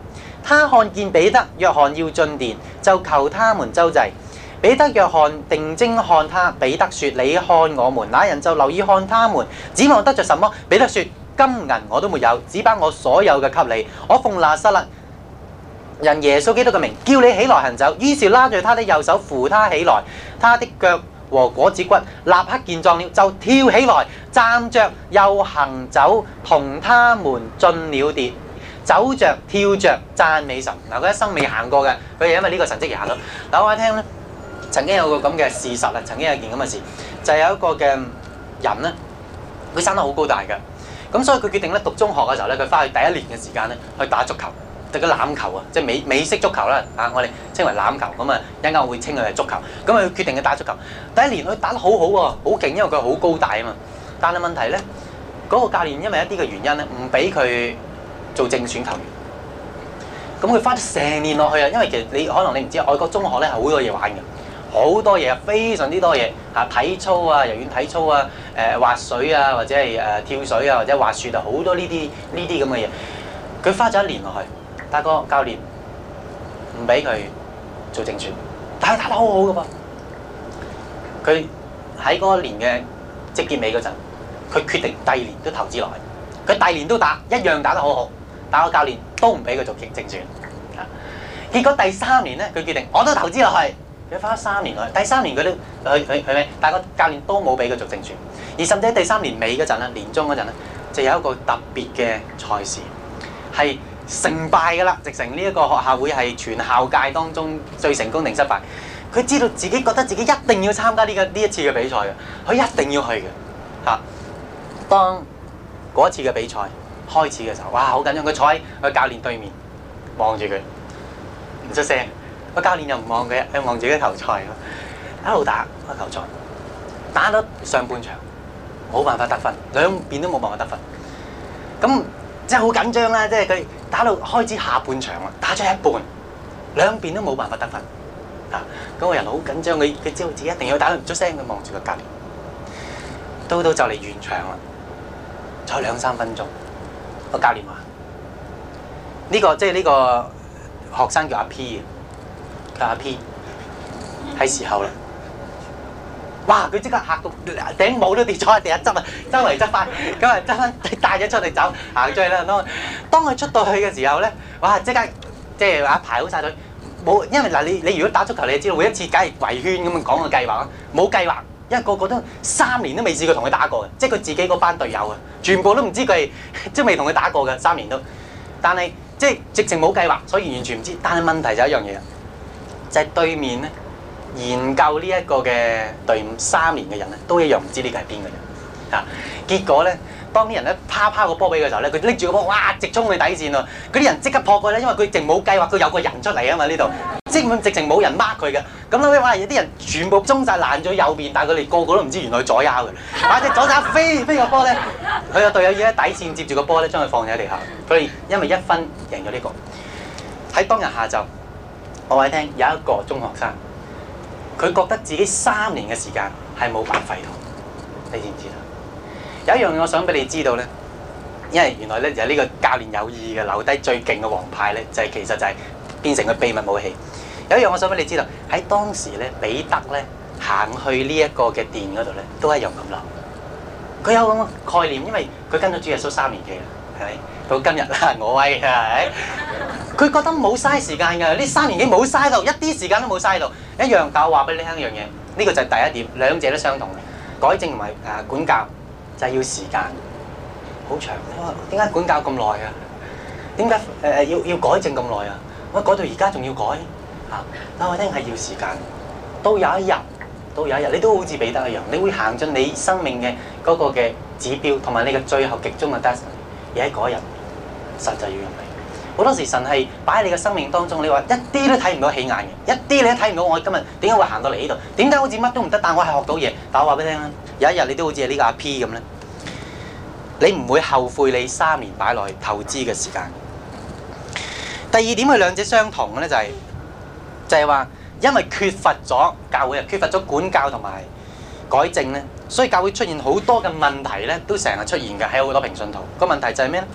他看見彼得、約翰要進殿，就求他們周濟。彼得、約翰定睛看他，彼得說：你看我們，那人就留意看他們，指望得着什麼？彼得說：金銀我都沒有，只把我所有嘅給你。我奉拿撒勒人耶穌基督嘅名，叫你起來行走。於是拉住他的右手扶他起來，他的腳和果子骨立刻健壯了，就跳起來，站着又行走，同他們進了殿。走着、跳着、讚美神嗱，佢、啊、一生未行過嘅，佢係因為呢個神跡而行到。但、啊、我話聽咧，曾經有個咁嘅事實啦，曾經有件咁嘅事，就係、是、有一個嘅人咧，佢生得好高大嘅，咁所以佢決定咧讀中學嘅時候咧，佢返去第一年嘅時間咧去打足球，打個欖球啊，即係美美式足球啦，啊，我哋稱為欖球，咁啊陣間會稱佢係足球，咁啊佢決定去打足球。第一年佢打得好好喎，好勁，因為佢好高大啊嘛。但係問題咧，嗰、那個教練因為一啲嘅原因咧，唔俾佢做正選球員，咁佢花咗成年落去啊！因為其實你可能你唔知，外國中學咧係好多嘢玩嘅，好多嘢，啊，非常之多嘢嚇，體操啊、游泳體操啊、誒、呃、滑水啊，或者係誒、呃、跳水啊，或者滑雪啊，好多呢啲呢啲咁嘅嘢。佢花咗一年落去，大哥教練唔俾佢做正選，但係打得好好嘅噃。佢喺嗰一年嘅季結尾嗰陣，佢決定第二年都投資落去，佢第二年都打，一樣打得好好。打個教練都唔俾佢做正選，啊！結果第三年咧，佢決定我都投資落去，佢花咗三年去。第三年佢都佢佢佢咩？但個教練都冇俾佢做正選，而甚至喺第三年尾嗰陣咧，年中嗰陣咧，就有一個特別嘅賽事，係勝敗噶啦，直成呢一個學校會係全校界當中最成功定失敗。佢知道自己覺得自己一定要參加呢個呢一次嘅比賽嘅，佢一定要去嘅嚇。當嗰一次嘅比賽。開始嘅時候，哇，好緊張！佢坐喺個教練對面，望住佢，唔出聲。個教練又唔望佢，佢望住啲球賽咯，一路打個球賽，打到上半場，冇辦法得分，兩邊都冇辦法得分。咁即係好緊張啦！即係佢打到開始下半場啦，打咗一半，兩邊都冇辦法得分。嚇！咁個人好緊張，佢佢知道自己一定要打到唔出聲，佢望住個教練，到到就嚟完場啦，再兩三分鐘。個教練話：呢、呢個即係呢個學生叫阿 P，佢阿 P 係時候啦！哇！佢即刻嚇到頂帽都跌咗，喺地下執啊，周圍執翻，咁啊執翻，帶咗出嚟走行出去啦。當當佢出到去嘅時候咧，哇！刻即刻即係話排好晒隊，冇因為，嗱你你如果打足球，你知道每一次梗係圍圈咁講個計劃咯，冇計劃。因為個個都三年都未試過同佢打過嘅，即係佢自己嗰班隊友啊，全部都唔知佢係即係未同佢打過嘅三年都。但係即係直情冇計劃，所以完全唔知。但係問題就一樣嘢，就係、是、對面咧研究呢一個嘅隊伍三年嘅人咧，都一樣唔知呢個係邊個人啊。結果咧。當啲人咧拋拋個波俾佢嘅時候咧，佢拎住個波，哇！直衝去底線喎。嗰啲人即刻撲佢咧，因為佢淨冇計劃，佢有個人出嚟啊嘛呢度、嗯，即係直情冇人 mark 佢嘅。咁嗰啲話有啲人全部中晒爛咗右邊，但係佢哋個個都唔知原來左撻嘅。哇！只左撻飛飛個波咧，佢個隊友要喺底線接住個波咧，將佢放喺地下。佢哋因為一分贏咗呢、這個。喺當日下晝，我話你聽，有一個中學生，佢覺得自己三年嘅時間係冇白費到，你知唔知啊？有一樣我想俾你知道咧，因為原來咧就係呢個教練有意嘅留低最勁嘅王牌咧，就係其實就係變成個秘密武器。有一樣我想俾你知道，喺當時咧，彼得咧行去呢一個嘅殿嗰度咧，都係一樣咁諗。佢有咁嘅概念，因為佢跟咗主耶穌三年幾啦，係咪？到今日啊，我威啊！佢覺得冇嘥時間㗎，呢三年幾冇嘥到一啲時間都冇嘥到。一樣但我話俾你聽一樣嘢，呢、這個就係第一點，兩者都相同嘅，改正同埋誒管教。就係要時間，好長。我點解管教咁耐啊？點解誒誒要要改正咁耐啊？我改到而家仲要改啊！但我聽係要時間。到有一日，到有一日，你都好似彼得一樣，你會行進你生命嘅嗰個嘅指標，同埋你嘅最後極終嘅達成，而喺嗰日，實際要用。好多時神係擺喺你嘅生命當中，你話一啲都睇唔到起眼嘅，一啲你都睇唔到。我今日點解會到行到嚟呢度？點解好似乜都唔得？但我係學到嘢。但係我話俾你聽，有一日你都好似係呢個阿 P 咁咧，你唔會後悔你三年擺內投資嘅時間。第二呢點，佢兩者相同嘅咧，就係、是、就係、是、話因為缺乏咗教會，又缺乏咗管教同埋改正咧，所以教會出現好多嘅問題咧，都成日出現嘅，喺好多平信徒個問題就係咩咧？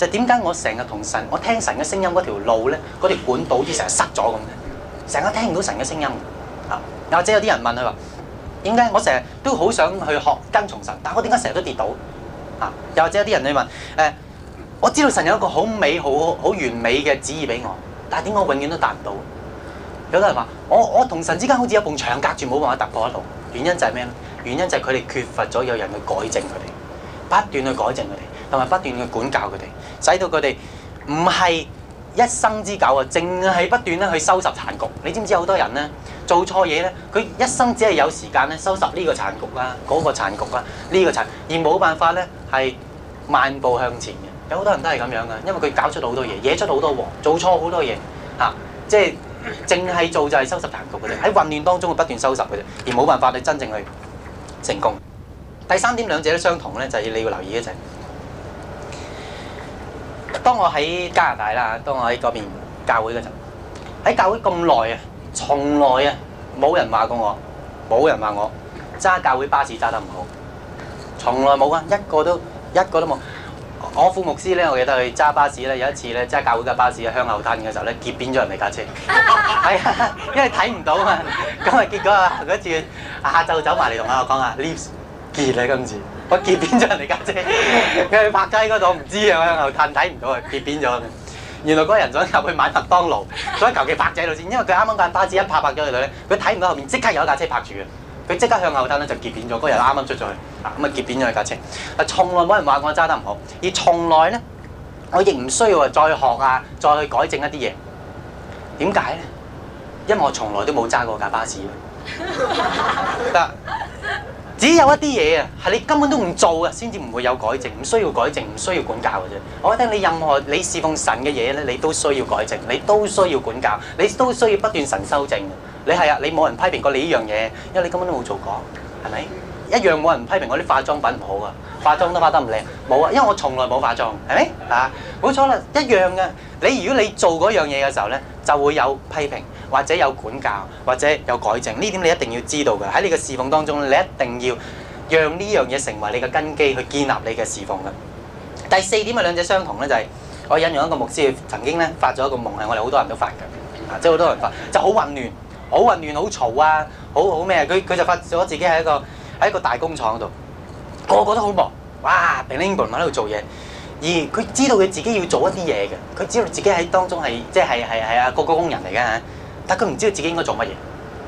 就點解我成日同神，我聽神嘅聲音嗰條路咧，嗰條管道好似成日塞咗咁咧，成日聽唔到神嘅聲音。啊，又或者有啲人問佢話：點解我成日都好想去學跟從神，但我點解成日都跌倒？啊，又或者有啲人你問誒、欸，我知道神有一個好美、好好完美嘅旨意俾我，但係點解我永遠都達唔到？有啲人話：我我同神之間好似有埲牆隔住，冇辦法突破得到。原因就係咩咧？原因就係佢哋缺乏咗有人去改正佢哋，不斷去改正佢哋，同埋不斷去管教佢哋。使到佢哋唔係一生之久啊，淨係不斷咧去收拾殘局。你知唔知好多人咧做錯嘢咧，佢一生只係有時間咧收拾呢個殘局啦。嗰、那個殘局啦，呢、這個殘，而冇辦法咧係慢步向前嘅。有好多人都係咁樣噶，因為佢搞出好多嘢，惹出好多禍，做錯好多嘢嚇、啊，即係淨係做就係收拾殘局嘅啫。喺混亂當中會不斷收拾嘅啫，而冇辦法去真正去成功。第三點兩者都相同咧，就係、是、你要留意一就當我喺加拿大啦，當我喺嗰邊教會嘅時候，喺教會咁耐啊，從來啊冇人話過我，冇人話我揸教會巴士揸得唔好，從來冇啊，一個都一個都冇。我副牧師咧，我記得去揸巴士咧，有一次咧，揸教會嘅巴士喺向後褪嘅時候咧， 結扁咗人哋架車。係啊，因為睇唔到啊嘛，咁啊結果啊嗰次下晝走埋嚟同我講啊，lift 結咧今次。我結扁咗人哋架車？佢去泊街嗰度，我唔知啊！我向後褪睇唔到啊，結扁咗。原來嗰個人想入去買麥當勞，所以求其拍仔度先。因為佢啱啱架巴士一拍拍咗佢，佢睇唔到後面，即刻有一架車拍住嘅。佢即刻向後褪咧就結扁咗，嗰人啱啱出咗去，咁啊結扁咗佢架車？我從來冇人話我揸得唔好，而從來咧我亦唔需要話再學啊，再去改正一啲嘢。點解咧？因為我從來都冇揸過架巴士。得。 只有一啲嘢啊，係你根本都唔做啊，先至唔會有改正，唔需要改正，唔需要管教嘅啫。我覺得你任何你侍奉神嘅嘢咧，你都需要改正，你都需要管教，你都需要不斷神修正。你係啊，你冇人批評過你呢樣嘢，因為你根本都冇做過，係咪？一樣冇人批評我啲化妝品唔好啊，化妝都化得唔靚，冇啊，因為我從來冇化妝，係咪？啊，冇錯啦，一樣嘅。你如果你做嗰樣嘢嘅時候咧，就會有批評。或者有管教，或者有改正，呢點你一定要知道㗎。喺你嘅侍奉當中，你一定要讓呢樣嘢成為你嘅根基，去建立你嘅侍奉嘅。第四點咪兩者相同咧，就係、是、我引用一個牧師曾經咧發咗一個夢，係我哋好多人都發㗎，即係好多人都發就好、是、混亂，好、嗯、混亂，好嘈啊，好好咩啊？佢佢就發咗自己喺一個喺一個大工廠度，個個都好忙，哇，叮叮噚喺度做嘢，而佢知道佢自己要做一啲嘢嘅，佢知道自己喺當中係即係係係啊個個工人嚟㗎嚇。但佢唔知道自己應該做乜嘢，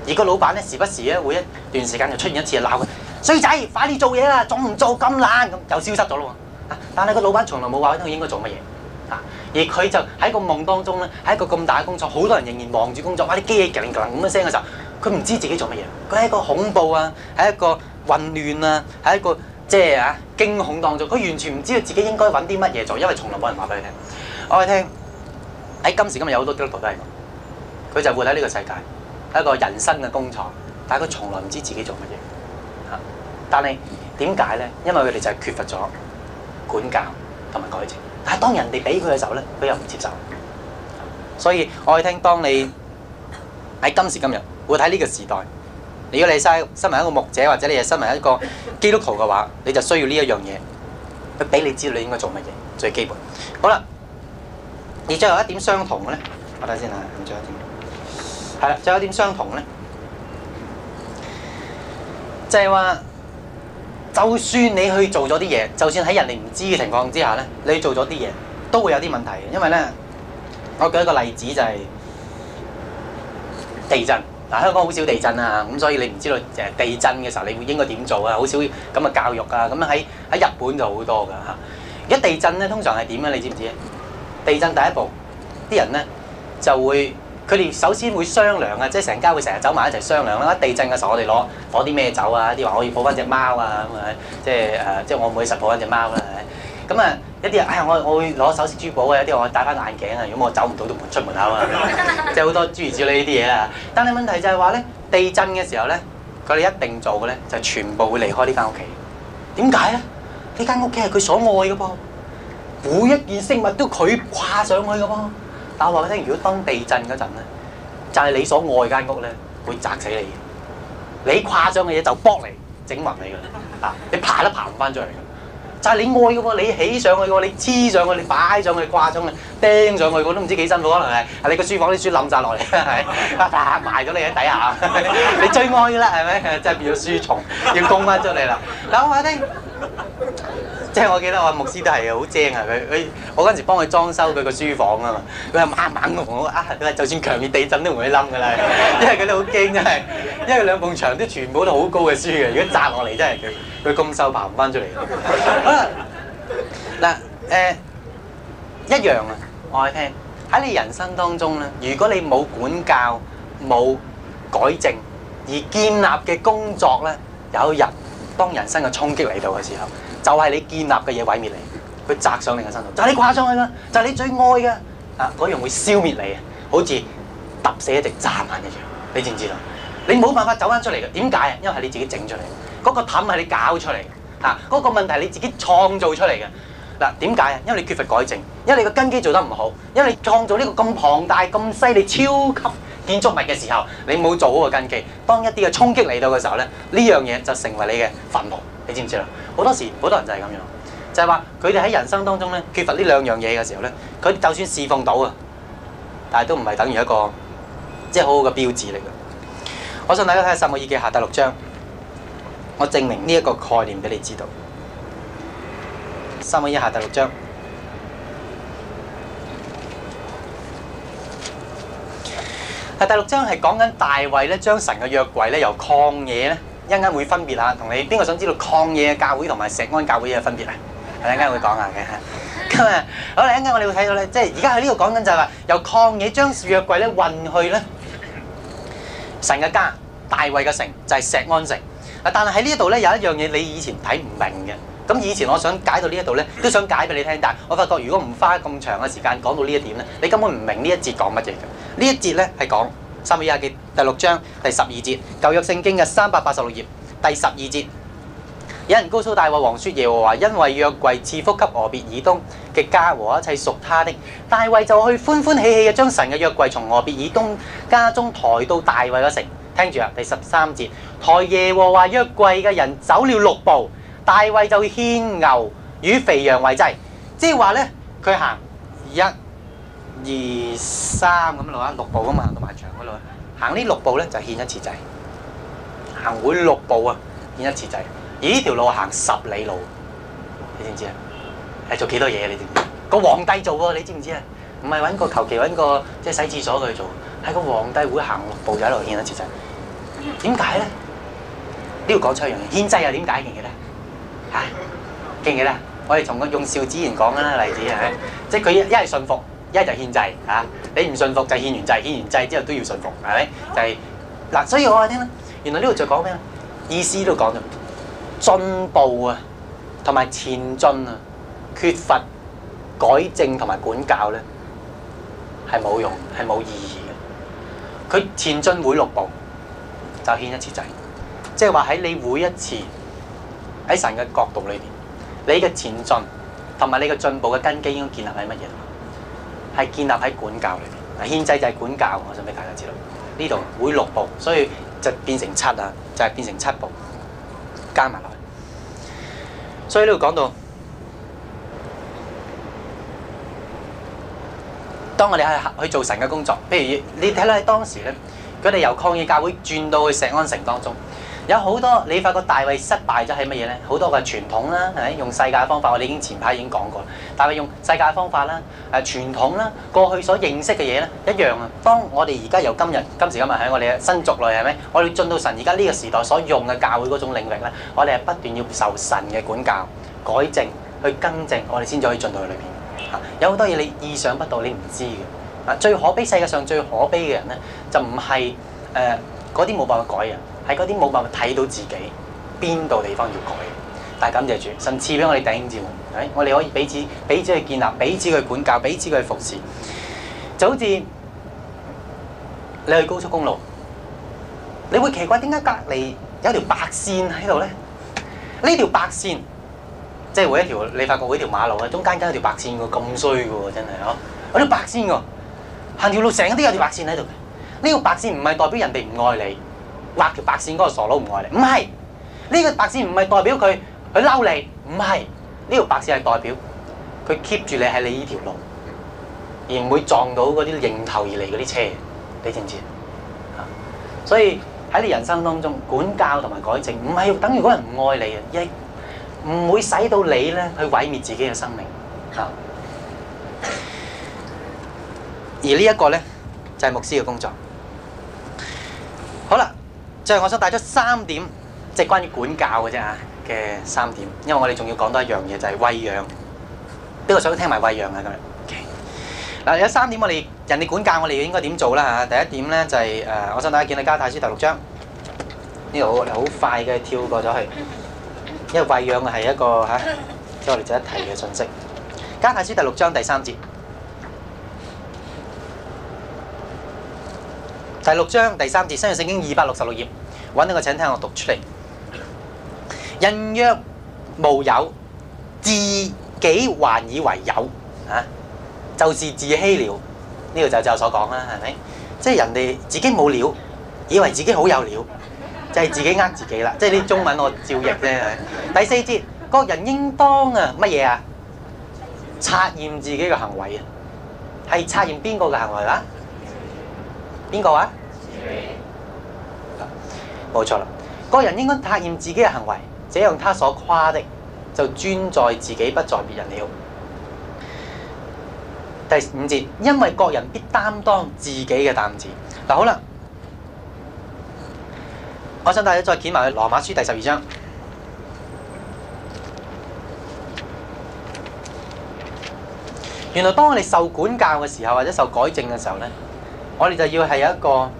而個老闆咧時不時咧會一段時間就出現一次啊，鬧佢衰仔，快啲做嘢啦，仲唔做咁懶咁，又消失咗咯喎！但係個老闆從來冇話俾佢應該做乜嘢啊，而佢就喺個夢當中咧，喺一個咁大嘅工作，好多人仍然忙住工作，哇，啲機器嘰咁嘅聲嘅時候，佢唔知自己做乜嘢，佢喺一個恐怖啊，喺一個混亂啊，喺一個即係啊驚恐當中，佢完全唔知道自己應該揾啲乜嘢做，因為從來冇人話俾佢聽。我哋聽喺今時今日有好多基督徒都係。佢就活喺呢個世界，係一個人生嘅工廠，但係佢從來唔知自己做乜嘢。嚇！但係點解咧？因為佢哋就係缺乏咗管教同埋改進。但係當人哋俾佢嘅時候咧，佢又唔接受。所以我去聽，當你喺今時今日，會睇呢個時代。如果你係身為一個牧者，或者你係身為一個基督徒嘅話，你就需要呢一樣嘢，佢俾你知道你應該做乜嘢，最基本。好啦，而最後一點相同嘅咧，我睇先啦，最後一點。係啦，仲有點相同咧？就係話，就算你去做咗啲嘢，就算喺人哋唔知嘅情況之下咧，你做咗啲嘢都會有啲問題嘅，因為咧，我舉一個例子就係地震。啊，香港好少地震啊，咁所以你唔知道誒地震嘅時候，你會應該點做啊？好少咁嘅教育啊，咁樣喺喺日本就好多㗎嚇。而家地震咧，通常係點咧？你知唔知？地震第一步，啲人咧就會。佢哋首先會商量啊，即係成家會成日走埋一齊商量啦。地震嘅時候，我哋攞攞啲咩走啊？啲話可以抱翻隻貓啊，咁啊，即係誒，即係我唔會實抱翻隻貓啦。咁啊，一啲人唉，我我會攞首飾珠寶嘅，一啲我戴翻眼鏡啊。如果我走唔到，都出門口啊，即係好多諸如此類呢啲嘢啊。但係問題就係話咧，地震嘅時候咧，佢哋一定做嘅咧，就全部會離開呢間屋企。點解咧？呢間屋企係佢所愛嘅噃，每一件飾物都佢掛上去嘅噃。但我話你聽，如果當地震嗰陣咧，就係、是、你所愛間屋咧，會砸死你。你誇張嘅嘢就卜嚟整暈你㗎啦，嚇！你爬都爬唔翻出嚟㗎。就係、是、你愛嘅喎，你起上去嘅喎，你黐上去，你擺上去，掛上去，釘上去我都唔知幾辛苦，可能係係你個書房啲書冧晒落嚟，係啊，埋咗你喺底下， 你最愛啦，係咪？真係變咗書蟲，要攻翻出嚟啦！但我話你聽。即係我記得我牧師都係好精啊！佢，佢我嗰陣時幫佢裝修佢個書房啊嘛，佢係猛猛咁講啊！就算強烈地震都唔會冧噶啦， 因為佢都好驚，真係，因為兩埲牆都全部都好高嘅書嘅，如果砸落嚟真係佢，佢咁瘦爬唔返出嚟。嗱誒、 啊啊啊、一樣啊，我喺聽喺你人生當中咧，如果你冇管教冇改正而建立嘅工作咧，有一日當人生嘅衝擊嚟到嘅時候。就係你建立嘅嘢毀滅你，佢砸上你嘅身度，就係、是、你掛上去啦，就係、是、你最愛嘅啊嗰樣會消滅你啊，好似揼死一隻蚱蜢一樣，你知唔知道？你冇辦法走翻出嚟嘅，點解啊？因為係你自己整出嚟，嗰、那個氹係你搞出嚟，嚇、那、嗰個問題你自己創造出嚟嘅嗱，點解啊？因為你缺乏改正，因為你個根基做得唔好，因為你創造呢個咁龐大咁犀利超級建築物嘅時候，你冇做好個根基，當一啲嘅衝擊嚟到嘅時候咧，呢樣嘢就成為你嘅墳墓。你知唔知啦？好多時，好多人就係咁樣，就係話佢哋喺人生當中咧，缺乏呢兩樣嘢嘅時候咧，佢就算侍奉到啊，但係都唔係等於一個即係好好嘅標誌嚟嘅。我想大家睇下《撒母耳記》下第六章，我證明呢一個概念俾你知道。《撒母耳記》下第六章，係第六章係講緊大衛咧，將神嘅約櫃咧，由曠野咧。一陣間會分別下，同你邊個想知道曠野教會同埋石安教會嘅分別啊？我哋一陣間 會講下嘅。咁啊，好啦，一陣間我哋會睇到咧，即係而家喺呢度講緊就係話，由曠野將約櫃咧運去咧神嘅家，大衛嘅城就係、是、石安城。啊，但係喺呢度咧有一樣嘢你以前睇唔明嘅。咁以前我想解到呢一度咧，都想解俾你聽，但係我發覺如果唔花咁長嘅時間講到呢一點咧，你根本唔明呢一節講乜嘢嘅。呢一節咧係講。撒母耳記第六章第十二節，舊約聖經嘅三百八十六頁第十二節，有人告訴大衛王說耶和華，因為約櫃賜福給俄別以東嘅家和一切屬他的，大衛就去歡歡喜喜嘅將神嘅約櫃從俄別以東家中抬到大衛嘅城。聽住啊，第十三節，抬耶和華約櫃嘅人走了六步，大衛就牽牛與肥羊為祭，即係話咧，佢行一二三咁樣落啊，六步啊嘛，落埋。行呢六步咧就獻一次祭。行每六步啊獻一次祭。而呢條路行十里路，你知唔知啊？係做幾多嘢你知唔知？個皇帝做喎，你知唔知啊？唔係揾個求其揾個即係洗廁所去做，係個皇帝會行六步就喺度獻一次祭。點解咧？呢度講出一樣嘢。獻祭又點解嚟嘅咧？吓，記唔記，記，記得？我哋從個用邵子言講啦例子啊，即係佢一係信服。一就獻祭嚇、啊，你唔信服就獻完祭，獻完祭之後都要信服，係咪？就係、是、嗱、啊，所以我話你聽啦，原來呢度就講咩啊？意思都講咗，進步啊，同埋前進啊，缺乏改正同埋管教咧，係冇用，係冇意義嘅。佢前進每六步，就獻一次祭，即係話喺你每一次喺神嘅角度裏邊，你嘅前進同埋你嘅進步嘅根基應該建立喺乜嘢？係建立喺管教裏邊，嗱，憲制就係管教，我想俾大家知道。呢度每六步，所以就變成七啊，就係、是、變成七步加埋落去。所以呢度講到，當我哋喺去做神嘅工作，譬如你睇睇當時咧，佢哋由抗議教會轉到去錫安城當中。有好多，你發覺大衞失敗咗係乜嘢咧？好多嘅傳統啦，係咪？用世界方法，我哋已經前排已經講過。大衞用世界方法啦，誒、呃、傳統啦，過去所認識嘅嘢咧，一樣啊。當我哋而家由今日今時今日喺我哋嘅新族類，係咪？我哋進到神而家呢個時代所用嘅教會嗰種領域咧，我哋係不斷要受神嘅管教、改正、去更正，我哋先至可以進到去裏面。嚇、啊！有好多嘢你意想不到，你唔知嘅。啊，最可悲，世界上最可悲嘅人咧，就唔係誒嗰啲冇辦法改嘅。喺嗰啲冇辦法睇到自己邊度地方要改，但係感謝主，神賜俾我哋弟兄姊妹。誒，我哋可以彼此彼此去建立，彼此去管教，彼此去服侍，就好似你去高速公路，你會奇怪點解隔離有條白線喺度咧？呢條白線即係每一條，你發覺每一條馬路啊，中間有條白線嘅，咁衰嘅喎，真係嗬，嗰條白線嘅行條路成日都有條白線喺度。呢條白線唔係代表人哋唔愛你。畫條白線嗰個傻佬唔愛你，唔係，呢個白線唔係代表佢佢嬲你，唔係，呢條白線係代表佢 keep 住你喺你呢條路，而唔會撞到嗰啲迎頭而嚟嗰啲車，你知唔知？所以喺你人生當中管教同埋改正，唔係等於嗰人唔愛你啊，一唔會使到你咧去毀滅自己嘅生命。吓，而呢一個咧就係牧師嘅工作。好啦。即係我想帶出三點，即係關於管教嘅啫嚇嘅三點，因為我哋仲要講多一樣嘢，就係餵養，呢個想聽埋餵養呀咁樣。嗱，有三點，我哋人哋管教我哋應該點做啦嚇。第一點咧就係誒，我想大家見到加太書第六章，呢度我好快嘅跳過咗去，因為餵養係一個嚇之後我哋值得提嘅信息。加太書第六章第三節。第六章第三節，新約聖經二百六十六頁，揾到個請聽我讀出嚟。人若無有，自己還以為有啊，就是自欺了。呢個就係我所講啦，係咪？即係人哋自己冇料，以為自己好有料，就係自己呃自己啦。即係啲中文我照譯啫。第四節，各人應當啊乜嘢啊？察驗自己嘅行為啊，係察驗邊個嘅行為啦？邊個啊？冇明錯啦。各人應該察驗自己嘅行為，這樣他所誇的就專在自己，不在別人了。第五節，因為各人必擔當自己嘅擔子。嗱，好啦，我想帶你再揭埋去羅馬書第十二章。原來當我哋受管教嘅時候，或者受改正嘅時候咧。我哋就要係有一個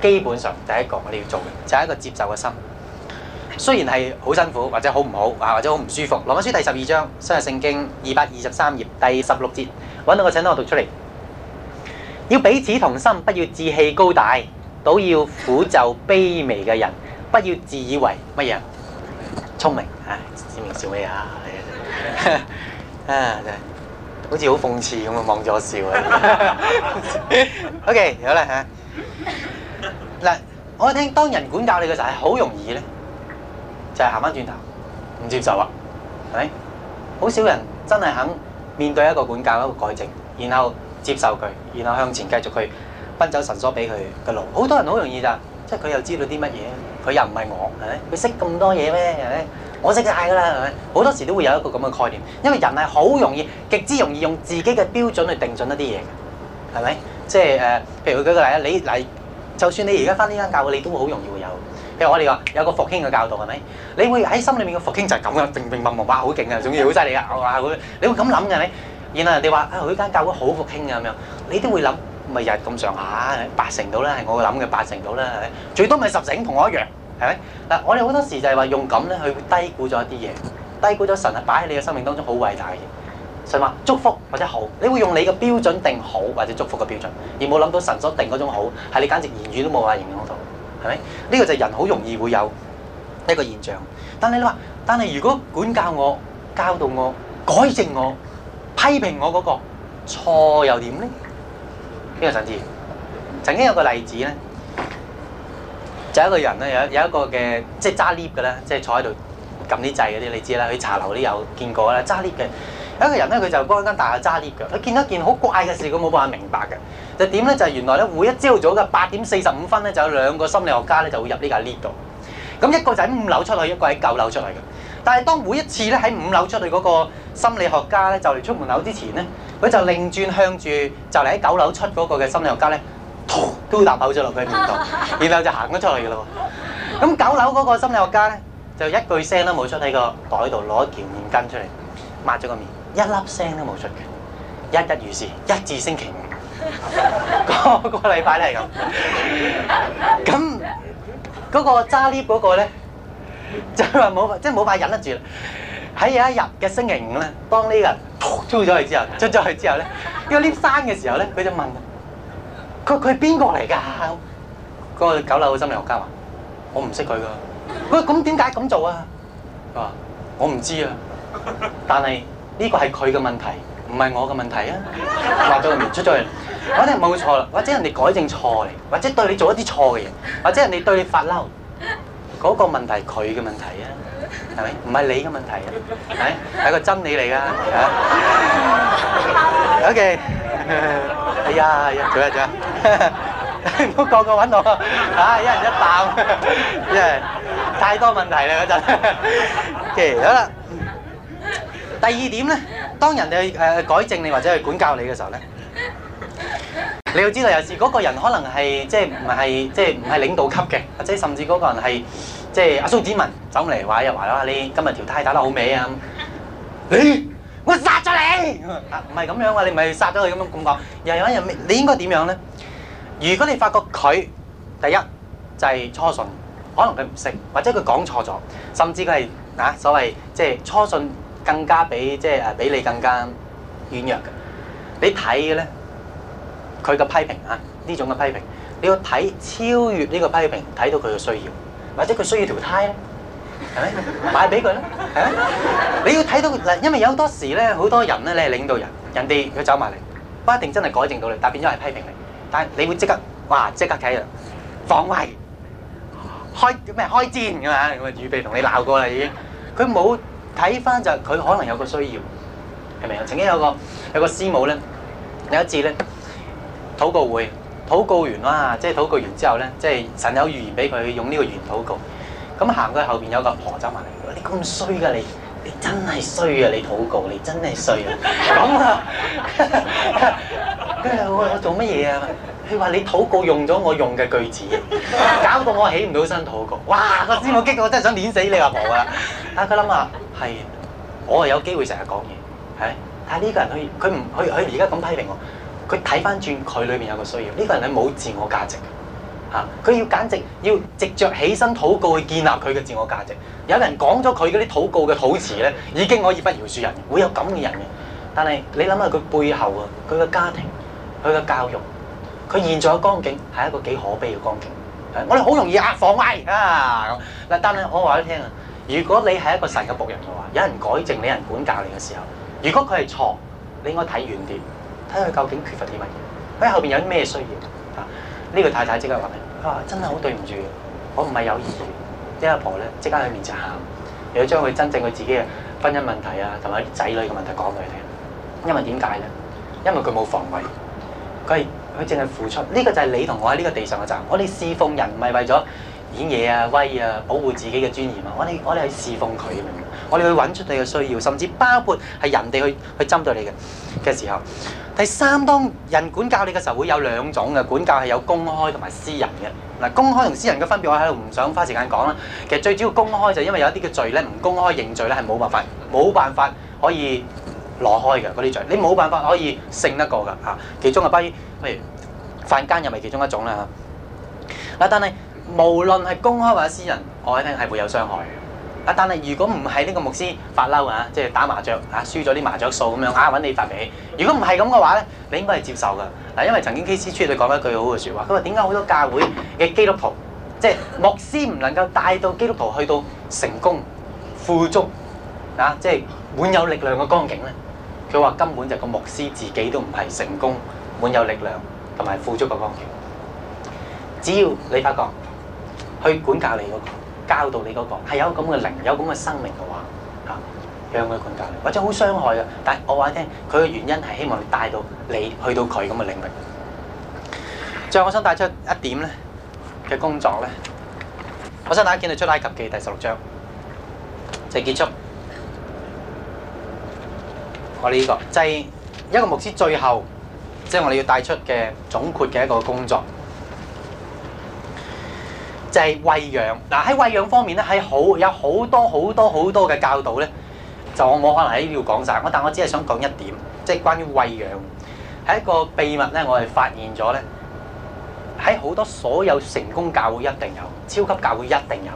基本上，第一個我哋要做嘅，就係、是、一個接受嘅心。雖然係好辛苦或者好唔好啊，或者好唔舒服。《羅馬書》第十二章新約聖經二百二十三頁第十六節，揾到個請到我讀出嚟。要彼此同心，不要志氣高大，倒要俯就卑微嘅人，不要自以為乜嘢？聰明嚇，聰明笑咩啊？啊，好似好諷刺咁啊，望住我笑啊 ！OK，好啦嚇。嗱，我一聽當人管教你嘅時候，係好容易咧，就係行翻轉頭唔接受啦、啊，係咪？好少人真係肯面對一個管教一個改正，然後接受佢，然後向前繼續去奔走神所俾佢嘅路。好多人好容易咋，即係佢又知道啲乜嘢，佢又唔係我，係咪？佢識咁多嘢咩？係咪？我識嗌㗎啦，係咪？好多時都會有一個咁嘅概念，因為人係好容易，極之容易用自己嘅標準去定準一啲嘢，係咪？即係誒、呃，譬如佢舉個例啦，你嗱，就算你而家翻呢間教會，你都會好容易會有。譬如我哋話有個復興嘅教導，係咪？你會喺心裏面嘅復興就係咁樣，朦朦朧朧哇好勁啊，總之好犀利啊，哇佢，你會咁諗嘅你。然後人哋話啊，佢、哎、間教會好復興㗎咁樣，你都會諗，咪日係咁上下，八成到啦，係我諗嘅，八成到啦，係，最多咪十成同我一樣。係咪？嗱，我哋好多時就係話用咁咧，去低估咗一啲嘢，低估咗神係擺喺你嘅生命當中好偉大嘅神話祝福或者好，你會用你嘅標準定好或者祝福嘅標準，而冇諗到神所定嗰種好係你簡直言語都冇法形容到，係咪？呢、呢個就係人好容易會有一個現象。但係你話，但係如果管教我、教到我、改正我、批評我嗰、嗰個錯又點呢？邊個想知？曾經有個例子咧。就一個人咧，有有一個嘅即係揸 lift 嘅咧，即係坐喺度撳啲掣嗰啲，你知啦。喺茶樓都有見過啦，揸 lift 嘅有一個人咧，佢就幫一間大廈揸 lift 嘅。佢見到一件好怪嘅事，佢冇辦法明白嘅。就點咧？就係原來咧，每一朝早嘅八點四十五分咧，就有兩個心理學家咧就會入呢架 lift 度。咁一個就喺五樓出去，一個喺九樓出嚟嘅。但係當每一次咧喺五樓出去嗰個心理學家咧，就嚟出門樓之前咧，佢就擰轉向住就嚟喺九樓出嗰個嘅心理學家咧。都抌咗落佢面度，然後就行咗出嚟嘅啦喎。咁九樓嗰個心理學家咧，就一句聲都冇出喺個袋度，攞件面巾出嚟抹咗個面，一粒聲都冇出嘅，一日如是，一至星期五，個個禮拜都係咁。咁嗰個揸 lift 嗰個咧，就話冇即係冇法忍得住啦。喺有一日嘅星期五咧，當呢個人吐咗去之後，出咗去之後咧，個 lift 閂嘅時候咧，佢就問。佢佢係邊個嚟㗎？嗰個九樓嘅心理學家話：我唔識佢噶。喂，咁點解咁做啊？佢話：我唔知啊。但係呢個係佢嘅問題，唔係我嘅問題啊。話咗個名出咗嚟。我哋冇錯啦，或者人哋改正錯嚟，或者對你做一啲錯嘅嘢，或者人哋對你發嬲，嗰個問題佢嘅問題啊，係咪？唔係你嘅問題啊，係咪？係一個真理嚟㗎，嚇。O K。呀呀！做啊做啊！都個個揾我，嚇！一人一啖，因為太多問題啦嗰陣。OK，好啦。第二點咧，當人哋去誒改正你或者去管教你嘅時候咧，你要知道有時嗰個人可能係即係唔係即係唔係領導級嘅，或者甚至嗰個人係即係阿蘇子文走嚟話又話啦，你今日條呔打得好美啊！咦？我殺咗你！啊，唔係咁樣喎，你唔係要殺咗佢咁咁講。又有啲人問，你應該點樣咧？如果你發覺佢第一就係、是、初信，可能佢唔識，或者佢講錯咗，甚至佢係啊所謂即係、就是、初信更加比即係、就是、比你更加軟弱嘅。你睇嘅咧，佢嘅批評啊呢種嘅批評，你要睇超越呢個批評，睇到佢嘅需要，或者佢需要條胎咧。係咪？買俾佢啦！啊！你要睇到嗱，因為有好多時咧，好多人咧，你係領導人，人哋佢走埋嚟，不一定真係改正到你，但變咗係批評你。但你會即刻哇，即刻睇啊，防衛，開咩開戰㗎嘛？咁啊，預備同你鬧過啦已經。佢冇睇翻就佢可能有個需要，係咪啊？曾經有個有個師母咧，有一次咧，禱告會禱告完啦，即係禱告完之後咧，即係神有預言俾佢用呢個言禱告。咁行到後邊有個婆走埋嚟，你咁衰噶你，你真係衰啊你禱告，你真係衰啊咁啊！佢 話我做乜嘢啊？佢話你禱告用咗我用嘅句子，搞到我起唔到身禱告。哇！個師母激到我真係想碾死你阿婆 啊！但係佢諗下，係我係有機會成日講嘢，係但係呢個人佢佢唔佢佢而家咁批評我，佢睇翻轉佢裏邊有個需要，呢、呢個人咧冇自我價值。佢要簡直要藉著起身禱告去建立佢嘅自我價值。有人講咗佢嗰啲禱告嘅禱詞咧，已經可以不饒恕人，會有咁嘅人嘅。但係你諗下佢背後啊，佢嘅家庭，佢嘅教育，佢現在嘅光景係一個幾可悲嘅光景。光景我哋好容易壓謾威啊咁。嗱、啊啊，但係我話你聽啊，如果你係一個神嘅僕人嘅話，有人改正你，人管教你嘅時候，如果佢係錯，你應該睇遠啲，睇下佢究竟缺乏啲乜嘢，喺後邊有啲咩需要啊。呢個太太即刻話：啊，真係好對唔住，我唔係有意嘅。啲阿婆咧，即刻喺面前喊，又要將佢真正佢自己嘅婚姻問題啊，同埋啲仔女嘅問題講俾佢聽。因為點解咧？因為佢冇防衞，佢係佢淨係付出。呢個就係你同我喺呢個地上嘅站。我哋侍奉人唔係為咗演嘢啊，威啊，保護自己嘅尊嚴啊。我哋我哋係侍奉佢。我哋去揾出你嘅需要，甚至包括係人哋去去針對你嘅嘅時候。第三，當人管教你嘅時候，會有兩種嘅管教，係有公開同埋私人嘅。嗱，公開同私人嘅分別，我喺度唔想花時間講啦。其實最主要公開就因為有一啲嘅罪咧，唔公開認罪咧係冇辦法，冇辦法可以攞開嘅嗰啲罪，你冇辦法可以勝得過㗎。啊，其中嘅比如譬如犯奸，又咪其中一種啦。啊，但係無論係公開或者私人，我一定係會有傷害嘅。啊！但係如果唔係呢個牧師發嬲啊，即係打麻雀啊輸咗啲麻雀數咁樣啊，揾、啊啊、你發脾。如果唔係咁嘅話咧，你應該係接受㗎。嗱、啊，因為曾經 K C 出嚟講一句好嘅説話，佢話點解好多教會嘅基督徒，即、就、係、是、牧師唔能夠帶到基督徒去到成功、富足啊，即係滿有力量嘅光景咧？佢話根本就個牧師自己都唔係成功、滿有力量同埋富足嘅光景。只要你發覺去管教你嗰、那個教到你嗰個係有咁嘅靈，有咁嘅生命嘅話，嚇，有咁嘅空間，或者好傷害嘅。但係我話你聽，佢嘅原因係希望你帶到你去到佢咁嘅領域。最後我想帶出一點咧嘅工作咧，我想大家見到出埃及記第十六章，就結束。我哋呢個就係一個牧師最後，即係我哋要帶出嘅總括嘅一個工作。就係餵養。嗱，喺餵養方面咧，喺好有好多好多好多嘅教導咧，就我冇可能喺呢度講晒我，但我只係想講一點，即係關於餵養係一個秘密咧，我係發現咗咧，喺好多所有成功教會一定有，超級教會一定有，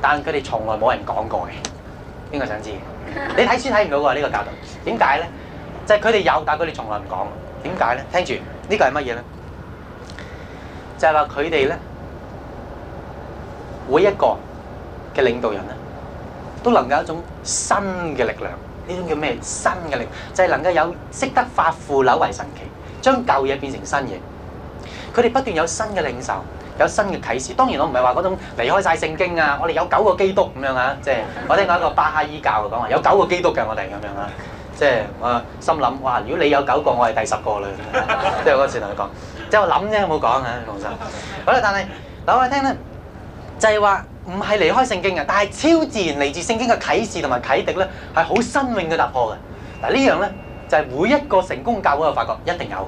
但佢哋從來冇人講過嘅，邊個想知？你睇先睇唔到㗎，呢個教導，點解咧？即係佢哋有，但係佢哋從來唔講。點解咧？聽住，呢個係乜嘢咧？就係話佢哋咧。每一個嘅領導人咧，都能夠有一種新嘅力量，呢種叫咩？新嘅力量就係能夠有識得化腐朽為神奇，將舊嘢變成新嘢。佢哋不斷有新嘅領受，有新嘅啟示。當然，我唔係話嗰種離開曬聖經啊。我哋有九個基督咁樣啊，即係我聽講一個巴哈伊教嘅講話有九個基督嘅，我哋咁樣啊，即係我心諗哇，如果你有九個，我係第十個啦。即係嗰時同佢講，即係我諗啫，冇講啊，老實。好啦，但係留我聽啦。就係話唔係離開聖經嘅，但係超自然嚟自聖經嘅啟示同埋啟迪咧，係好生命嘅突破嘅。嗱呢樣咧就係、是、每一個成功教會我發覺，一定有嘅。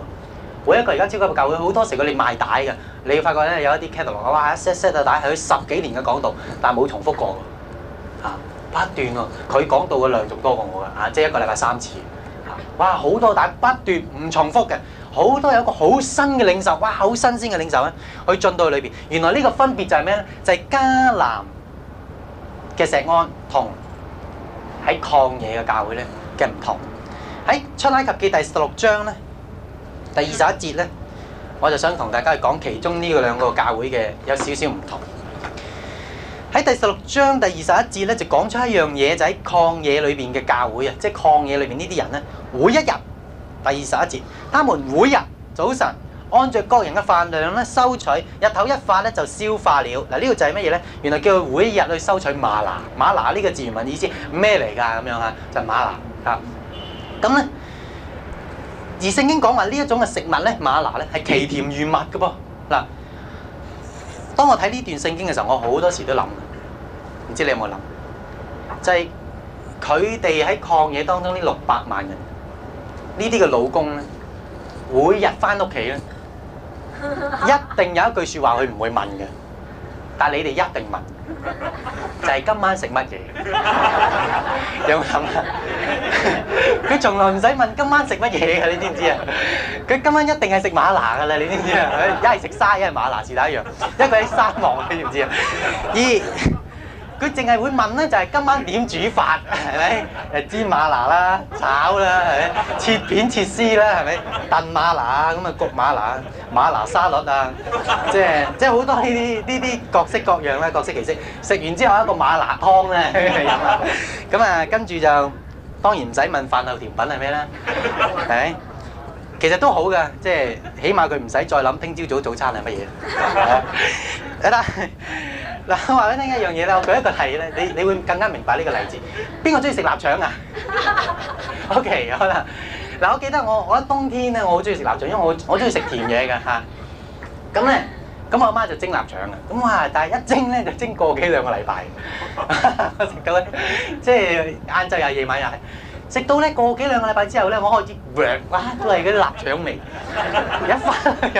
每一個而家超級教會好多時佢哋賣帶嘅，你會發覺咧有一啲 catalog 啊，哇 set set 啊帶喺佢十幾年嘅講道，但冇重複過㗎、啊，不斷喎、啊，佢講道嘅量仲多過我㗎，嚇、啊、即係一個禮拜三次，哇、啊、好多帶不斷唔重複嘅。好多有一個好新嘅領受，哇！好新鮮嘅領受咧，可以進到去裏邊。原來呢個分別就係咩咧？就係、是、迦南嘅石安同喺曠野嘅教會咧嘅唔同。喺出埃及記第十六章咧第二十一節咧，我就想同大家去講其中呢個兩個教會嘅有少少唔同。喺第十六章第二十一節咧，就講出一樣嘢，就喺、是、曠野裏邊嘅教會啊，即係曠野裏邊呢啲人咧，每一日。第二十一節，他們每日早晨，按照各人嘅飯量咧收取，日頭一發咧就消化了。嗱，呢、這個就係乜嘢咧？原來叫佢每日去收取瑪拿，瑪拿呢個字原文意思咩嚟噶？咁樣啊，就係、瑪拿啊。咁咧，而聖經講話呢一種嘅食物咧，瑪拿咧係奇甜如蜜嘅噃。嗱，當我睇呢段聖經嘅時候，我好多時都諗，唔知你有冇諗？就係佢哋喺曠野當中呢六百萬人。呢啲嘅老公咧，每日翻屋企咧，一定有一句説話佢唔會問嘅，但係你哋一定問，就係今晚食乜嘢？有冇諗啦？佢從來唔使問今晚食乜嘢嘅，你知唔知啊？佢今晚一定係食嗎哪嘅啦，你知唔知啊？一係食沙，一係嗎哪，是但一樣，一個喺沙漠，你知唔知啊？二佢淨係會問咧，就係今晚點煮飯，係咪？誒，煎馬拿啦，炒啦，係咪？切片切絲啦，係咪？燉馬拿，咁啊焗馬拿，馬拿沙律啊，即係即係好多呢啲呢啲各式各樣啦，各式其式。食完之後一個馬拿湯咧，咁啊，跟住就當然唔使問飯後甜品係咩啦，係。其實都好㗎，即係起碼佢唔使再諗聽朝早早餐係乜嘢。但係嗱，我話俾你聽一樣嘢啦，我舉一個例咧，你你會更加明白呢個例子。邊個中意食臘腸啊 ？OK，好啦。嗱，我記得我我喺冬天咧，我好中意食臘腸，因為我我中意食甜嘢㗎嚇。咁、啊、咧，咁我媽就蒸臘腸啊。咁啊，但係一蒸咧就蒸過幾兩個幾兩個禮拜，即係晏晝又夜晚又係。食到咧過幾兩個禮拜之後咧，我開始噏，都係嗰啲臘腸味。 一翻嚟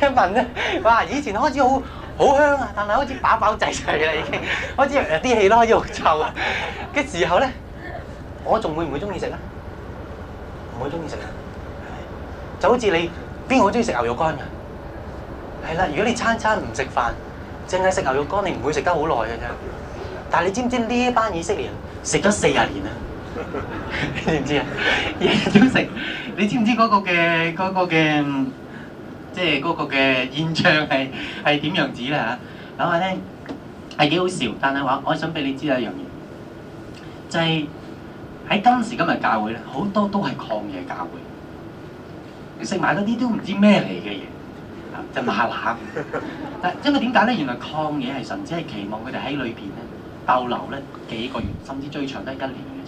一聞咧，哇！以前開始好好香啊，但係開始飽飽滯滯啦已經，開始啲氣咯，開始好臭啊。嘅 時候咧，我仲會唔會中意食咧？唔會中意食。就好似你邊個好中意食牛肉乾㗎？係啦，如果你餐餐唔食飯，淨係食牛肉乾，你唔會食得好耐㗎啫。但係你知唔知呢一班以色列人食咗四十年啊？ 你知唔知啊？日日都食，你知唔知嗰個嘅嗰、嗰個嘅，即、嗰、係個嘅現象係係點樣子咧吓？諗下咧，係幾好笑。但係話，我想俾你知一樣嘢，就係、係、喺今時今日教會咧，好多都係曠野教會，食埋嗰啲都唔知咩嚟嘅嘢，就馬奶。但因為點解咧？原來曠野係神只係期望佢哋喺裏邊咧逗留咧幾個月，甚至最長都係一年。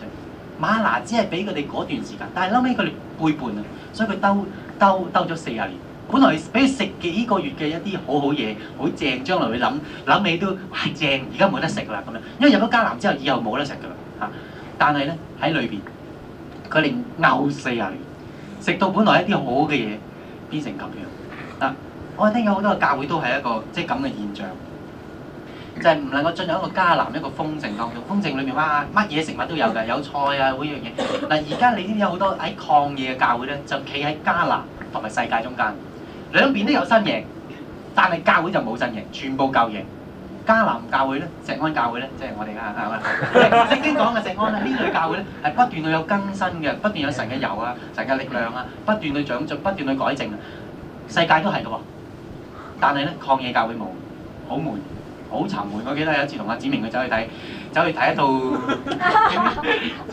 馬拿只係俾佢哋嗰段時間，但係嬲尾佢哋背叛啊，所以佢兜兜兜咗四十年。本來俾佢食幾個月嘅一啲好好嘢，好正，將來會諗諗起都係正，而家冇得食啦咁樣。因為入咗迦南之後，以後冇得食噶啦嚇。但係咧喺裏邊，佢哋熬四十年，食到本來一啲好嘅嘢，變成咁樣啊！我聽有好多個教會都係一個即係咁嘅現象。就係唔能夠進入一個迦南一個豐盛國度，豐盛裏面哇，乜嘢食物都有嘅，有菜啊嗰樣嘢。嗱而家你知唔知好多喺曠野嘅教會咧，就企喺迦南同埋世界中間，兩邊都有新嘢，但係教會就冇新嘢，全部舊嘢。迦南教會咧，錫安教會咧，即係我哋啦，係嘛？正經講嘅錫安啦，呢類教會咧係不斷去有更新嘅，不斷有神嘅油啊，神嘅力量啊，不斷去長進，不斷去改正啊。世界都係嘅喎，但係咧曠野教會冇，好悶。好沉悶，我記得有一次同阿子明佢走去睇，走去睇一套，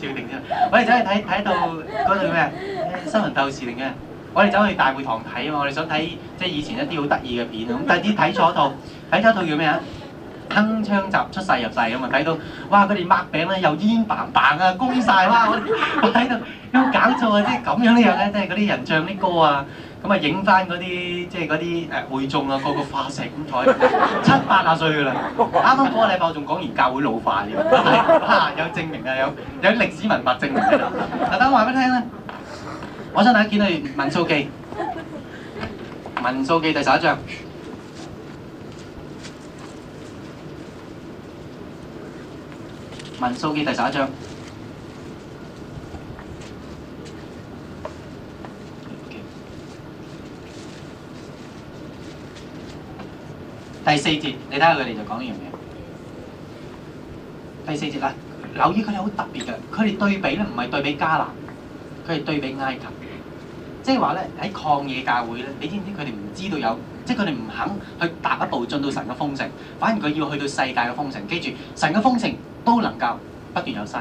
笑定 添。我哋走去睇睇一套，嗰套叫咩？《新聞鬥士》定咩？我哋走去大會堂睇啊！我哋想睇即係以前一啲好得意嘅片。咁但係啲睇錯一套，睇咗一套叫咩啊？鏗鏘集出世入世咁啊！睇到哇，佢哋擘餅咧，又煙嘭嘭啊，攻曬哇！我喺度有冇搞錯啊？即係咁樣啲人咧，即係嗰啲人唱啲歌啊，咁啊影翻嗰啲即係嗰啲誒會眾啊，個個化石咁在七八十歲噶啦！啱啱嗰個禮拜我仲講完教會老化添，嚇有證明啊，有有歷史文物證明。嗱，我話俾你聽咧，我想大家見到《民數記》，《民數記》第十一章。《民數記》第十一章，okay. 第四節，你睇下佢哋就講呢樣嘢。第四節啦，留意佢哋好特別嘅，佢哋對比咧，唔係對比迦南，佢係對比埃及，即係話呢，喺抗野曠野教會咧，你知唔知佢哋唔知道有，即係佢哋唔肯去踏一步進到神嘅豐盛，反而佢要去到世界嘅豐盛。記住，神嘅豐盛。都能夠不斷有新，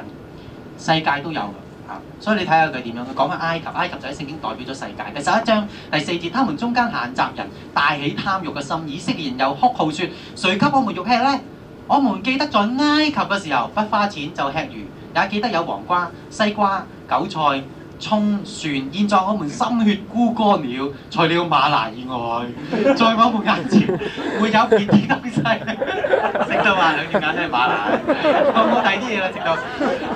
世界都有㗎，所以你睇下佢點樣？佢講緊埃及，埃及就喺聖經代表咗世界。第十一章第四節，他們中間閒雜人，大起貪欲嘅心。以色列人又哭號說：誰給我們肉吃呢？我們記得在埃及嘅時候，不花錢就吃魚，也記得有黃瓜、西瓜、韭菜。充船，現在我們心血枯乾了，除了嗎哪以外，在我們眼前會有別啲東西。直到話兩隻眼都係嗎哪，我冇睇啲嘢啦？直到，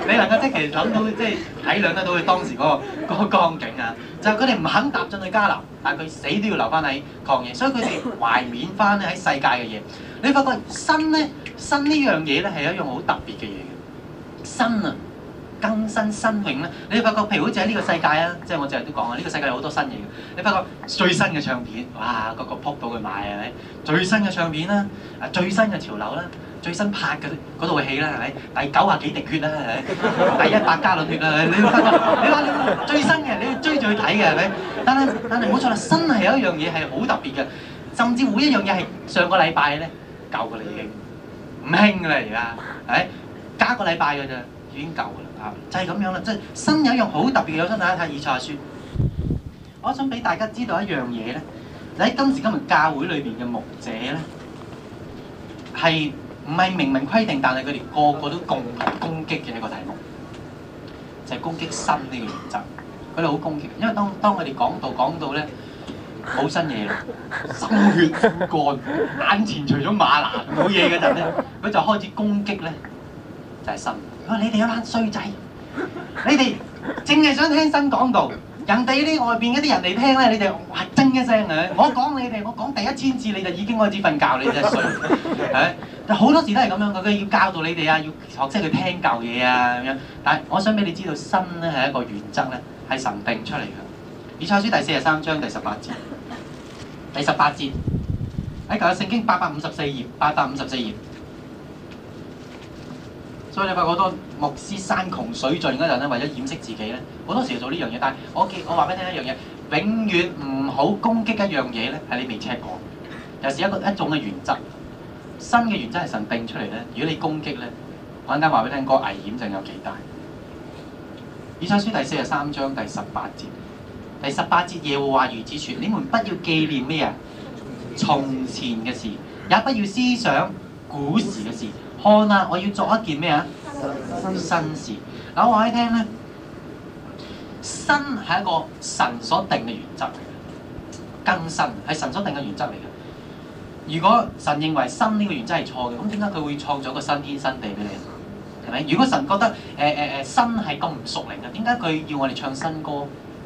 直到，直到你能夠即其實諗到，即係體諒得到佢當時嗰、嗰個嗰個光景啊，就係佢哋唔肯踏進去迦南，但佢死都要留翻喺曠野，所以佢哋懷緬翻喺世界嘅嘢。你發覺新咧，新呢樣嘢咧係一樣好特別嘅嘢。新啊！更新新穎啦，你發覺譬如好似喺呢個世界啊，即係我成日都講啊，呢個世界有好多新嘢嘅。你發覺最新嘅唱片，哇，個個撲到佢買係咪？最新嘅唱片啦，啊，最新嘅潮流啦，最新拍嘅嗰套戲啦係咪？第九啊幾滴血啦係咪？第一百加侖血啊！你發覺你話最新嘅，你追住去睇嘅係咪？但係但係冇錯啦，真係有一樣嘢係好特別嘅，甚至每一樣嘢係上個禮拜咧，舊嘅啦已經唔興啦，而家係，加個禮拜嘅咋，已經舊嘅啦。就係咁樣啦，即係新有一樣好特別嘅嘢，我想大家睇《以賽亞書》。我想俾大家知道一樣嘢咧，你喺今時今日教會裏邊嘅牧者咧，係唔係明文規定，但係佢哋個個都共同攻擊嘅一個題目，就係攻擊新呢個原則。佢哋好攻擊，因為當當佢哋講道講道咧，冇新嘢啦，心血枯乾，眼前除咗嗎哪冇嘢嘅陣咧，佢就開始攻擊咧。就係新，你哋嗰班衰仔，你哋淨係想聽新講道，人哋呢啲外邊嗰啲人嚟聽咧，你哋哇爭一聲嘅。我講你哋，我講第一千次你就已經開始瞓覺，你真係衰。誒，好多時都係咁樣嘅，佢要教導你哋啊，要學識去聽舊嘢啊咁樣。但係我想俾你知道，新咧係一個原則咧，係神定出嚟嘅。以賽亞書第四十三章第十八節，第十八節喺舊嘅聖經八百五十四頁，八百五十四頁。所以你發覺到牧師山窮水盡嗰陣咧，為咗掩飾自己咧，好多時要做呢樣嘢。但係我見我話俾你聽一樣嘢，永遠唔好攻擊一樣嘢咧，係你未 check 過，又是一個一種嘅原則。新嘅原則係神定出嚟咧，如果你攻擊咧，我陣間話俾你聽，這個危險性有幾大？以賽亞書第四十三章第十八節，第十八節耶和華如此説：你們不要記念咩？從前嘅事，也不要思想古時嘅事。看啦、啊，我要做一件咩啊？新事嗱，我話你聽咧，新係一個神所定嘅原則嚟嘅，更新係神所定嘅原則嚟嘅。如果神認為新呢個原則係錯嘅，咁點解佢會創造個新天新地俾你咧？係咪？如果神覺得誒誒誒新係咁唔熟靈嘅，點解佢要我哋唱新歌？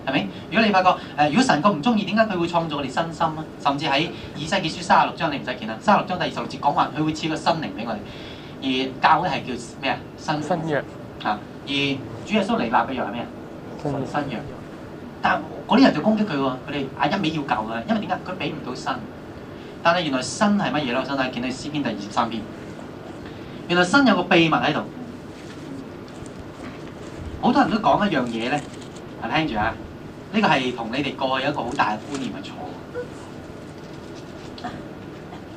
係咪？如果你發覺誒、呃，如果神咁唔中意，點解佢會創造我哋新心咧？甚至喺以西結書卅六章你唔使見啦，卅六章第二十六節講話佢會賜個新靈俾我哋。而教嘅係叫咩啊？新新約啊！而主耶穌嚟立嘅約係咩啊？新新約。但嗰啲人就攻擊佢喎，佢哋啊一味要舊嘅，因為點解？佢俾唔到新。但係原來新係乜嘢咯？新大家睇見喺《詩篇》第二十三篇。原來新有個秘密喺度。好多人都講一樣嘢咧，啊聽住啊！呢個係同你哋過去有一個好大嘅觀念唔同。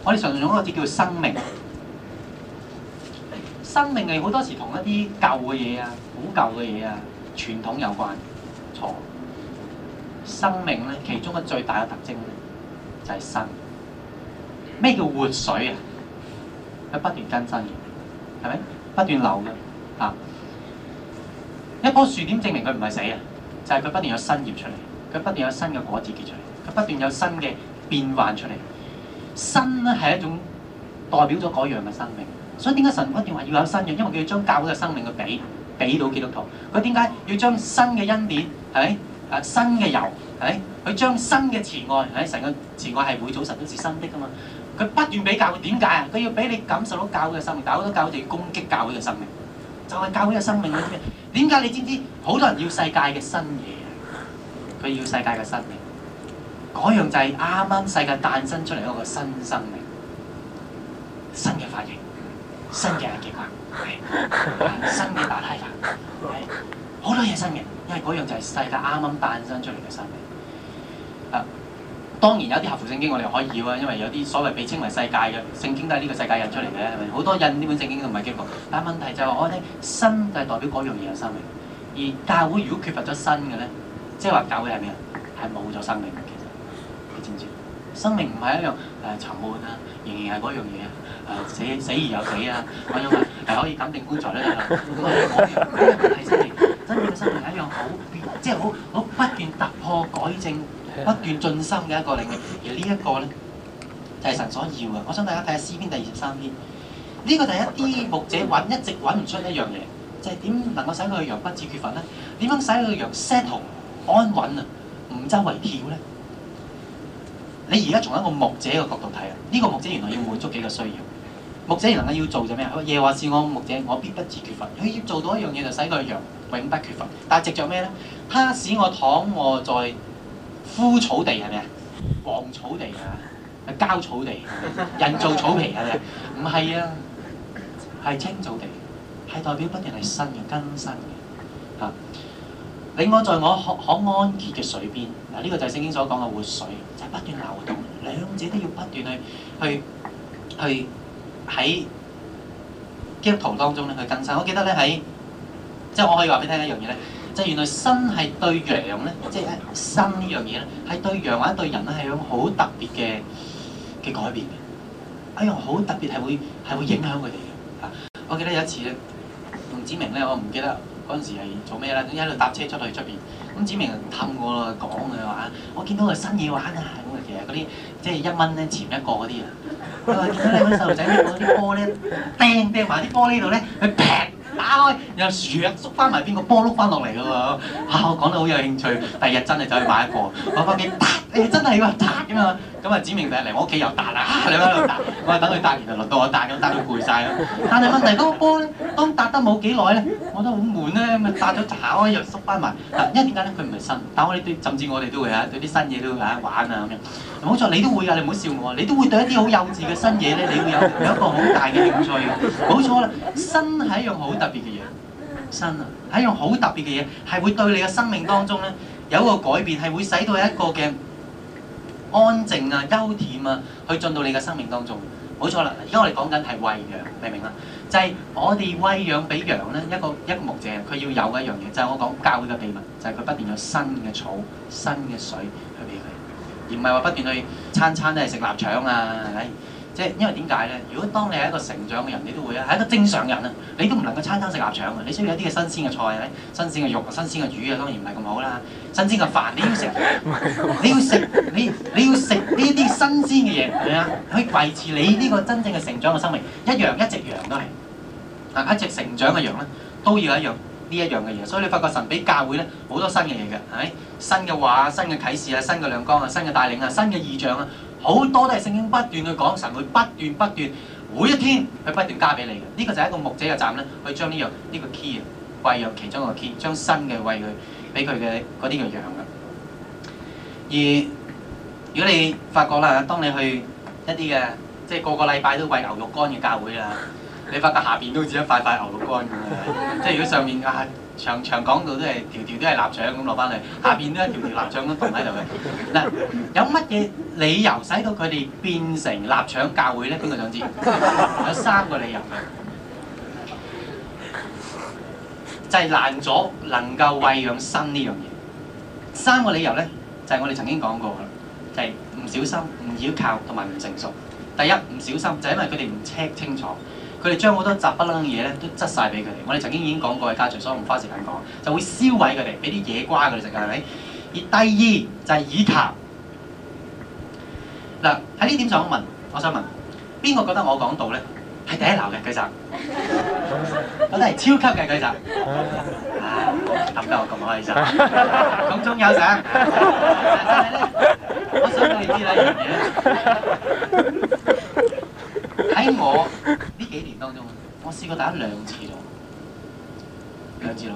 我哋常常用嗰個字叫生命。生命係好多時同一啲舊嘅嘢啊、古舊嘅嘢啊、傳統有關錯。生命咧，其中嘅最大嘅特徵咧，就係、是、新。咩叫活水啊？佢不斷更新嘅，係咪不斷流嘅啊？一棵樹點證明佢唔係死啊？就係、是、佢不斷有新葉出嚟，佢不斷有新嘅果子結出嚟，佢不斷有新嘅變幻出嚟。新咧係一種代表咗嗰樣嘅生命。所以點解神不斷話要有新嘅？因為佢要將教會嘅生命去俾俾到基督徒。佢點解要將新嘅恩典，係咪啊？新嘅油，係咪？佢將新嘅慈愛，係咪？成個慈愛係每早晨都是新的㗎嘛？佢不斷俾教會點解啊？佢要俾你感受到教會嘅生命。但係好多教會就要攻擊教會嘅生命，就係教會嘅生命嗰啲咩？點解你知唔知？好多人要世界嘅新嘢，佢要世界嘅新嘢，嗰樣就係啱啱世界誕生出嚟一個新生命、新嘅髮型。新嘅嘅極限，係新嘅大太法，係好多嘢新嘅，因為嗰樣就係世界啱啱誕生出嚟嘅生命。啊，當然有啲合符聖經，我哋可以要啊，因為有啲所謂被稱為世界嘅聖經都係呢個世界印出嚟嘅，係咪？好多印呢本聖經都唔係基督，但係問題就係、是、話我覺得，新就係代表嗰樣嘢有生命，而教會如果缺乏咗新嘅咧，即係話教會係咩啊？係冇咗生命。生命唔係一樣誒沉悶啊，仍然係嗰樣嘢啊，死死而有死啊，咁樣係可以肯定棺材呢？係真嘅生命，真嘅 生命係一樣好即係好好不斷突破、改正、不斷進深嘅一個領域。而呢一個咧，就係、是、神所要啊！我想大家睇下詩篇第二十三篇，呢個就係一啲牧者揾一直揾唔出一樣嘢，就係點能夠使佢嘅羊，羊不致缺乏呢？點樣使佢嘅羊 settle 安穩啊？唔周圍跳咧？你而家從一個牧者嘅角度睇啊，呢、這個牧者原來要滿足幾個需要。牧者原能夠要做就咩啊？耶和華是我牧者，我必不至缺乏。佢要做到一樣嘢就使佢羊永不缺乏。但係藉着咩咧？他使我躺卧在枯草地係咪啊？黃草地啊？膠草地？人造草皮啊？唔係啊，係青草地，係代表不定係新嘅更新嘅嚇。領、啊、我在我可可安歇嘅水邊。嗱，呢個就係聖經所講嘅活水，就係、是、不斷流動，兩者都要不斷去去去喺基督徒當中咧去更新。我記得咧喺即係我可以話俾你聽一樣嘢咧，就係、是、原來新係對羊咧，即、就、係、是、新呢樣嘢咧，係對羊或者對人咧係一種好特別嘅嘅改變。哎呀，好特別係會係會影響佢哋嘅嚇。我記得有一次咧，龍子明咧，我唔記得嗰陣時係做咩啦，總之喺度搭車出去出邊。唔知明氹我咯，講佢話，我見到個新嘢玩啊！咁啊，其實嗰啲即係一蚊咧，潛一個嗰啲啊。佢話見到咧，個細路仔咧，攞啲波子掟掟埋啲玻璃度咧，佢劈打開，然後縮翻埋邊個波碌翻落嚟㗎喎。我講得好有興趣，第二日真係走去買一個，我發覺嗒，誒、哎、真係喎，嗒啫嘛。咁啊，就指明就係嚟我屋企又彈啊，你喺度彈，我啊等佢彈完就輪到我彈，咁彈到攰晒啦。但係問題嗰個波咧，當彈得冇幾耐咧，我都好悶咧，咪彈咗炒又縮翻埋。嗱，因為點解咧？佢唔係新，但我哋對，甚至我哋都會嚇對啲新嘢都會嚇玩啊咁樣。冇錯，你都會㗎，你唔好笑我，你都會對一啲好幼稚嘅新嘢咧，你會有有一個好大嘅興趣。冇錯啦，新係一樣好特別嘅嘢，新啊，係一樣好特別嘅嘢，係會對你嘅生命當中咧有一個改變，係會使到一個嘅。安靜啊、優恬啊，去進到你嘅生命當中，冇錯啦。而家我哋講緊係喂羊，你明唔明啊？就係、是、我哋喂養俾羊呢一個一個牧者，佢要有嘅一樣嘢，就係、是、我講教會嘅秘密，就係、是、佢不斷有新嘅草、新嘅水去俾佢，而唔係話不斷去餐餐都係食臘腸啊，係咪？因為點解咧？如果當你係一個成長嘅人，你都會啊，係一個正常人啊，你都唔能夠餐餐食鴨腸嘅，你需要有一啲嘅新鮮嘅菜啊，新鮮嘅肉，新鮮嘅魚啊，當然唔係咁好啦，新鮮嘅飯你要食，你要食， 你你要食呢啲新鮮嘅嘢啊，可以維持你呢個真正嘅成長嘅生命。一樣一隻羊都係啊，一隻成長嘅羊咧，都要一樣呢一樣嘅嘢。所以你發覺神俾教會咧好多新嘅嘢嘅，係咪？新嘅話、新嘅啟示啊、新嘅亮光啊、新嘅帶領啊、新嘅異象啊。好多都係聖經不斷去講，神會不斷不斷，每一天佢不斷加俾你嘅。呢、這個就係一個牧者嘅站咧，去將呢樣呢個 key 啊，餵入其中一個 key，將新嘅餵佢，俾佢嘅嗰啲嘅羊嘅。而如果你發覺啦，當你去一啲嘅，即、就、係、是、個個禮拜都餵牛肉乾嘅教會啦，你發覺下邊都好似一塊塊牛肉乾咁嘅， 即係如果上面啊～、哎長長講到都係條條都係臘腸咁落翻嚟，下邊都係條條臘腸都棟喺度嘅。嗱，有乜嘢理由使到佢哋變成臘腸教會咧？邊個想知 有？有三個理由嘅，就係、是、難咗能夠喂養新呢樣嘢。三個理由咧，就係、是、我哋曾經講過啦，就係、是、唔小心、唔倚靠同埋唔成熟。第一唔小心，就係、是、因為佢哋唔 check 清楚。佢哋將好多雜不楞嘢咧都擠晒俾佢哋。我哋曾經已經講過家，家長所唔花時間講，就會燒毀佢哋，俾啲野瓜佢哋食㗎，係咪？而第二就係、是、以談。嗱，喺呢點上，我問，我想問，邊個覺得我講到咧？係第一流嘅舉集，我都係超級嘅舉集，諗得我咁開心，講 中有賞。真係咧，我收到啲禮喺我呢幾年當中，我試過打兩次咯，兩次咯，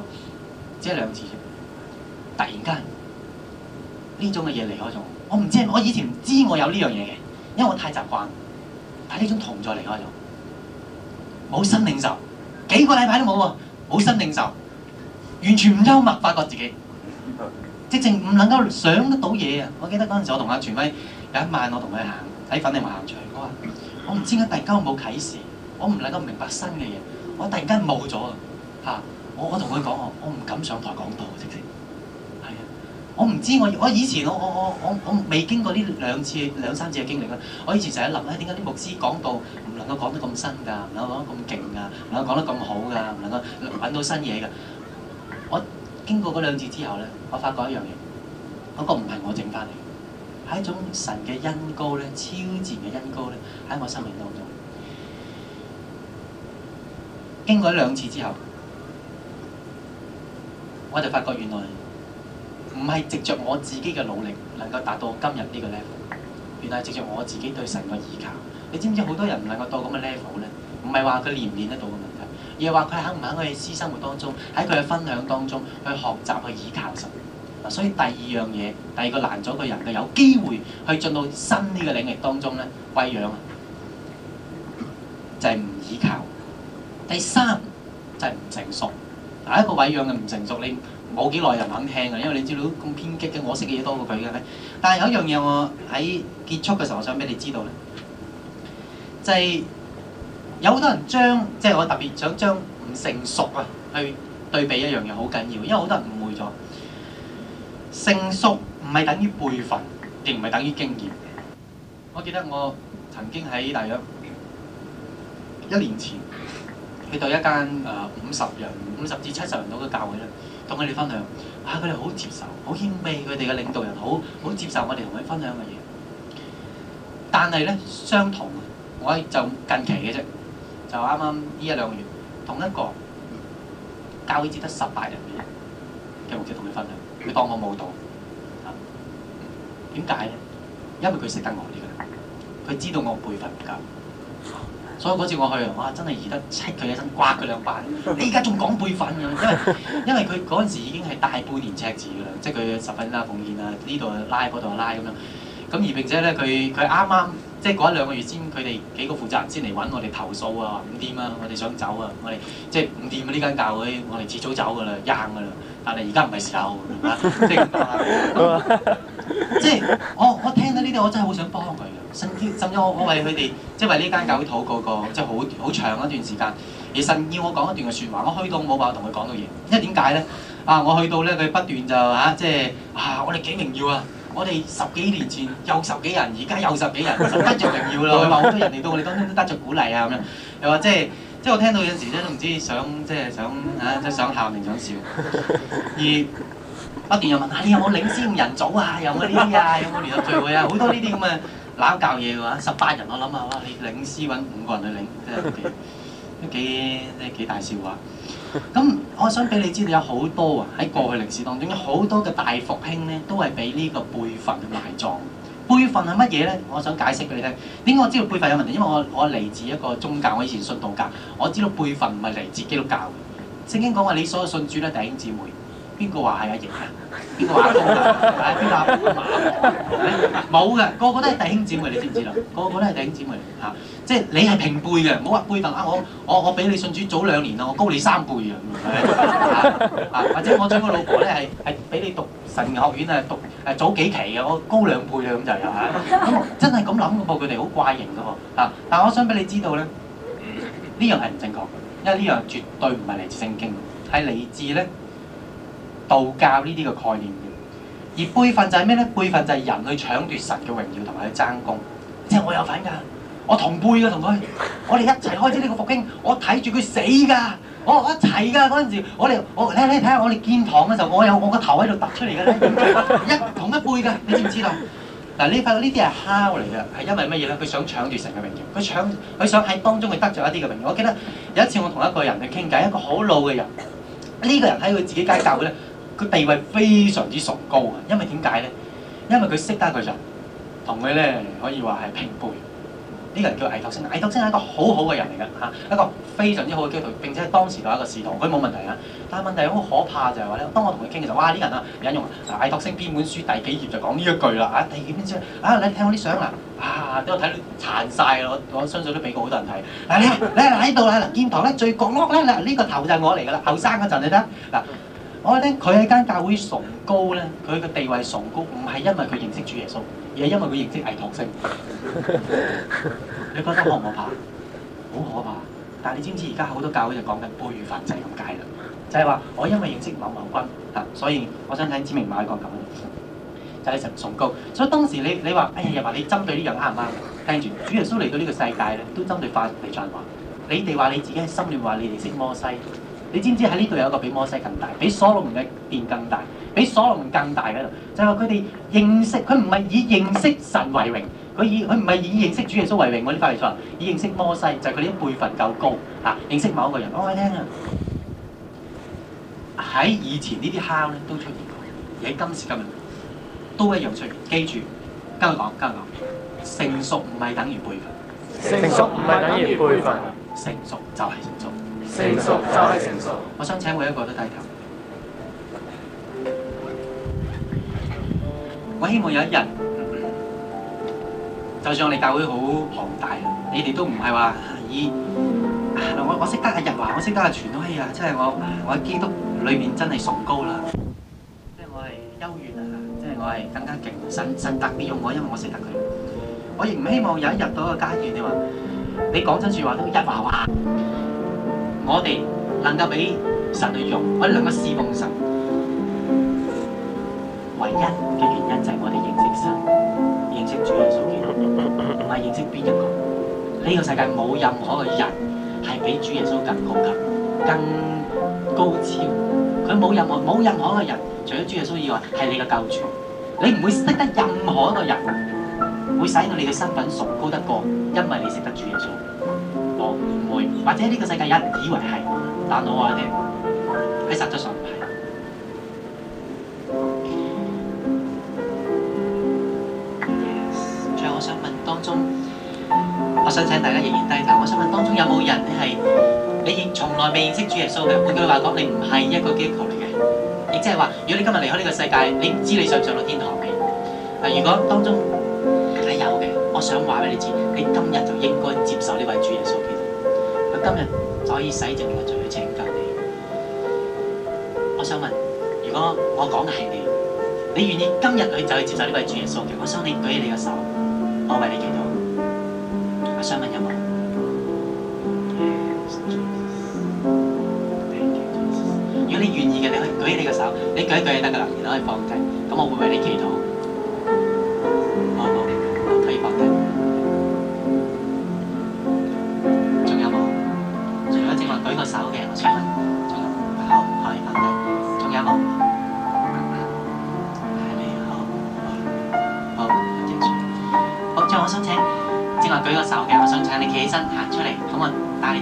只係兩次啫。突然間，呢種嘅嘢離開咗，我唔知，我以前唔知我有呢樣嘢嘅，因為我太習慣。但係呢種同在離開咗，冇新領受，幾個禮拜都冇喎，冇新領受，完全唔幽默，發覺自己，直情唔能夠想得到嘢啊！我記得嗰陣時，我同阿全威有一晚我，我同佢行睇粉嶺行長江。我唔知點解突然間冇啟示，我唔能夠明白新嘅嘢，我突然間冇咗啊！嚇！我我同佢講我唔敢上台講道，即係，係啊！我唔知我我以前我我我我我未經過呢兩次兩三次嘅經歷啦，我以前就喺諗咧點解啲牧師講道唔能夠講得咁新㗎，唔能夠講得咁勁㗎，唔能夠講得咁好㗎，唔能夠揾到新嘢㗎。我經過嗰兩次之後咧，我發覺一樣嘢，嗰個唔係我整翻嚟。係一種神嘅恩膏咧，超自然嘅恩膏咧，喺我生命當中。經過一兩次之後，我就發覺原來唔係藉著我自己嘅努力能夠達到今日呢個 level，原來係藉著我自己對神嘅依靠。你知唔知好多人唔能夠到咁嘅 level 咧？唔係話佢練唔練得到嘅問題，而係話佢肯唔肯去私生活當中喺佢嘅分享當中去學習去依靠神。所以第二樣嘢，第二個難咗個人嘅有機會去進到新呢個領域當中咧，喂養啊，就係唔依靠。第三，就係唔成熟。嗱，一個喂養嘅唔成熟，你冇幾耐人肯聽啊，因為你知道咁偏激，嘅我識嘅嘢多過佢嘅。但係有一樣嘢，我喺結束嘅時候我想俾你知道咧，就係有好多人將即係我特別想將唔成熟啊，去對比一樣嘢好緊要，因為好多人唔。成熟唔係等於輩份，亦唔係等於經驗。我記得我曾經喺大約一年前去到一間誒五十人、五十至七十人度嘅教會咧，同佢哋分享，嚇佢哋好接受，好謙卑，佢哋嘅領導人好好接受我哋同佢分享嘅嘢。但係咧，相同我喺就近期嘅啫，就啱啱呢一兩個月同一個教會只得十八人嘅人，嘅或者同佢分享。佢當我冇到，嚇點解咧？因為佢識得我呢啲㗎，佢知道我輩份唔夠，所以嗰次我去，哇！真係熱得七佢一身，刮佢兩巴。你而家仲講輩份㗎？因為因為佢嗰陣時已經係大半年赤字㗎啦，即係佢十分啊奉獻啊呢度拉嗰度拉咁樣，咁而並且呢，佢佢啱啱即係過一兩個月先，佢哋幾個負責人先嚟揾我哋投訴啊唔掂啊，我哋想走啊，我哋即係唔掂啊呢間教會，我哋遲早走㗎啦，硬㗎啦。但係而家唔係時候，即係咁講。即係我我聽到呢啲，我真係好想幫佢甚至甚至我我為佢哋，即係為呢間舊土嗰個，即係好好長一段時間。而甚至要我講一段嘅説話，我去到冇辦法同佢講到嘢，因為點解咧？啊，我去到咧，佢不斷就嚇，即係啊，我哋幾榮耀啊，我哋十幾年前有十幾人，而家又十幾人，得著榮耀咯。佢話好多人嚟到，我哋當中都得著鼓勵啊咁樣，又話即係。即係我聽到有陣時咧，都唔知想即係想嚇、啊、即係想喊定想笑，而不斷又問：下、啊：「你有冇領先人組啊？有冇呢啲啊？有冇聯絡聚會啊？好多呢啲咁嘅攬教嘢嘅話，十八人我諗下，哇、啊！你領詩揾五個人去領，都幾都幾即係幾大笑話。咁我想俾你知道，有好多啊喺過去歷史當中，有好多嘅大復興咧，都係俾呢個輩分埋葬。輩份係乜嘢呢？我想解釋俾你聽。點解我知道輩份有問題？因為我我嚟自一個宗教，我以前信道教。我知道輩份唔係嚟自基督教嘅。聖經講話：你所有信主咧，弟兄姊妹。邊個話係阿盈啊？邊個話阿鳳啊？邊個阿鳳啊？冇嘅，個個都係弟兄姊妹，你知唔知啦？個個，個都係弟兄姊妹嚇、啊，即係你係平輩嘅，唔好話輩分啊！我我我比你信主早兩年咯，我高你三輩、啊。啊，或者我將個老婆咧係係比你讀神學院啊讀誒早幾期嘅，我高兩輩。嘅咁就又係咁，啊啊啊、真係咁諗嘅噃，佢哋好怪型嘅噃嚇。但係我想俾你知道咧，呢樣係唔正確嘅，因為呢樣絕對唔係嚟自聖經，係嚟自咧。道教呢啲嘅概念，而輩份就係咩咧？輩份就係人去搶奪神嘅榮耀同埋去爭功，即係我有份㗎，我同輩嘅同佢，我哋一齊開始呢個復興，我睇住佢死㗎，我一齊㗎嗰陣時，我哋我咧咧睇下我哋建堂嘅時候，我有我個頭喺度凸出嚟㗎，一同一輩㗎，你知唔知道？嗱， 你發覺呢啲係敲嚟㗎，係因為乜嘢咧？佢想搶奪神嘅榮耀，佢搶佢想喺當中去得着一啲嘅榮耀。我記得有一次我同一個人去傾偈，一個好老嘅人，呢、呢個人喺佢自己間教會咧。佢地位非常之崇高啊！因為點解咧？因為佢識得佢個，同佢咧可以話係平輩。呢個人叫艾托星，艾托星係一個好好嘅人嚟㗎吓，一個非常之好嘅基督徒。並且當時就係一個侍徒，佢冇問題啊。但係問題好可怕就係話咧，當我同佢傾嘅時候，哇！呢人啊，引用啊，艾托星邊本書第幾頁就講呢一句啦啊！第二篇書啊？你睇我啲相啊啊！都睇到殘晒我，我相信都俾過好多人睇。嗱，你你喺度啦，劍堂咧，最角落咧，嗱呢個頭就係我嚟㗎啦，後生嗰陣你睇嗱。我話咧，佢喺間教會崇高咧，佢個地位崇高，唔係因為佢認識主耶穌，而係因為佢認識危託聖。 你覺得可唔可怕？好可怕！但係你知唔知而家好多教會就講緊「杯與法制」就係咁解啦，就係話我因為認識某某君，嚇，所以我想睇知明馬一講咁。就係成崇高，所以當時你你話，哎呀又話你針對呢樣啱唔啱？聽住主耶穌嚟到呢個世界咧，都針對法利賽人話，你哋話你自己心裏話你哋識摩西。你知唔知喺呢度有一個比摩西更大，比所羅門嘅殿更大，比所羅門更大喺度。就係佢哋認識佢唔係以認識神為榮，佢以佢唔係以認識主耶穌為榮，我呢塊嚟錯，以認識摩西就係佢啲輩份夠高嚇、啊，認識某一個人講嚟、哎、聽啊！喺以前呢啲敲咧都出現過，而喺今時今日都一樣出現。記住，跟佢講，跟佢講，成熟唔係等於輩份，成熟唔係等於輩份，成熟，成熟就係成熟。成熟就係成熟。我想請每一個都低頭。我希望有一日，就算我哋教會好龐大，你哋都唔係話咦，我我識得阿日華，我識得阿全都可以啊。即係我我喺基督裏面真係崇高啦。即係我係優越啊！即係我係更加勁，神神特別用我，因為我識得佢。我亦唔希望有一日到一個階段，你話你講真説話都日華話。我哋能夠俾神去用，我哋能夠侍奉神，唯一嘅原因就係我哋認識神，認識主耶穌基督，唔係認識邊一個。呢個世界冇任何嘅人係比主耶穌更高嘅，更高超。佢冇任何，冇任何嘅人，除咗主耶穌以外，係你嘅救主。你唔會識得任何一個人，會使到你嘅身份崇高得過，因為你識得主耶穌。或者呢個世界有人以為係，但我話你喺實質上唔係。最後，yes。我想問當中，我想請大家仍然低頭。嗱，我想問當中有冇人你係你認從來未認識主耶穌嘅？換句話講，你唔係一個基督徒嚟嘅。亦即係話，如果你今日離開呢個世界，你唔知你上唔上到天堂嘅。如果當中係有嘅，我想話俾你知，你今日就應該接受呢位主耶穌。今日就可以洗淨你嘅罪就去請教你。我想問，如果我講嘅係你，你願意今日去就去接受呢位主耶穌嘅？我想你舉起你嘅手，我為你祈禱。我想問有冇？如果你願意嘅，你可以舉起你嘅手，你舉一舉就得㗎啦，你可以放低。咁我會為你祈禱。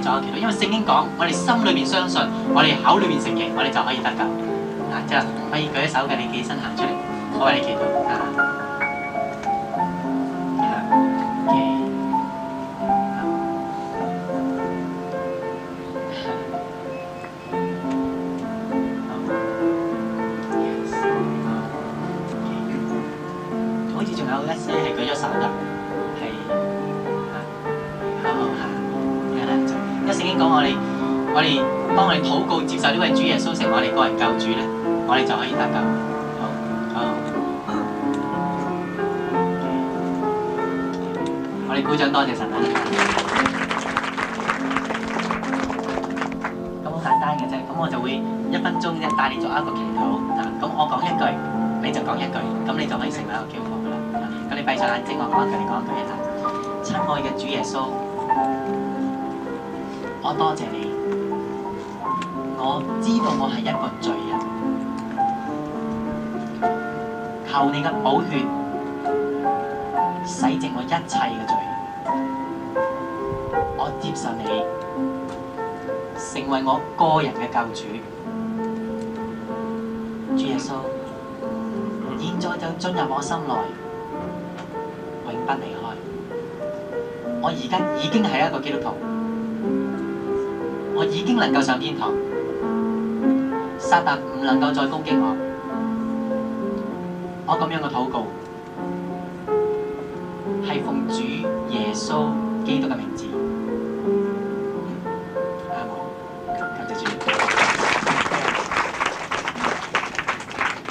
在祈禱，因為聖經講，我哋心裏面相信，我哋口裏面承認，我哋就可以得噶。嗱、啊，即係可以舉起手嘅，你企起身行出嚟，我為你祈禱。啊得嘅，好，好，我哋鼓掌多謝神啦。咁好簡單嘅啫，咁我就會一分鐘啫帶你做一個祈禱啊。咁我講一句，你就講一句，咁你就可以成為一個基督徒啦。咁你閉上眼睛，我講一句，你講一句嘅啦。親愛嘅主耶穌，我多謝你，我知道我係一個寶血洗淨我一切嘅罪，我接受你成為我個人嘅救主，主耶穌，現在就進入我心內，永不離開。我而家已經係一個基督徒，我已經能夠上天堂，撒旦唔能夠再攻擊我。我咁樣嘅禱告係奉主耶穌基督嘅名字。咁、嗯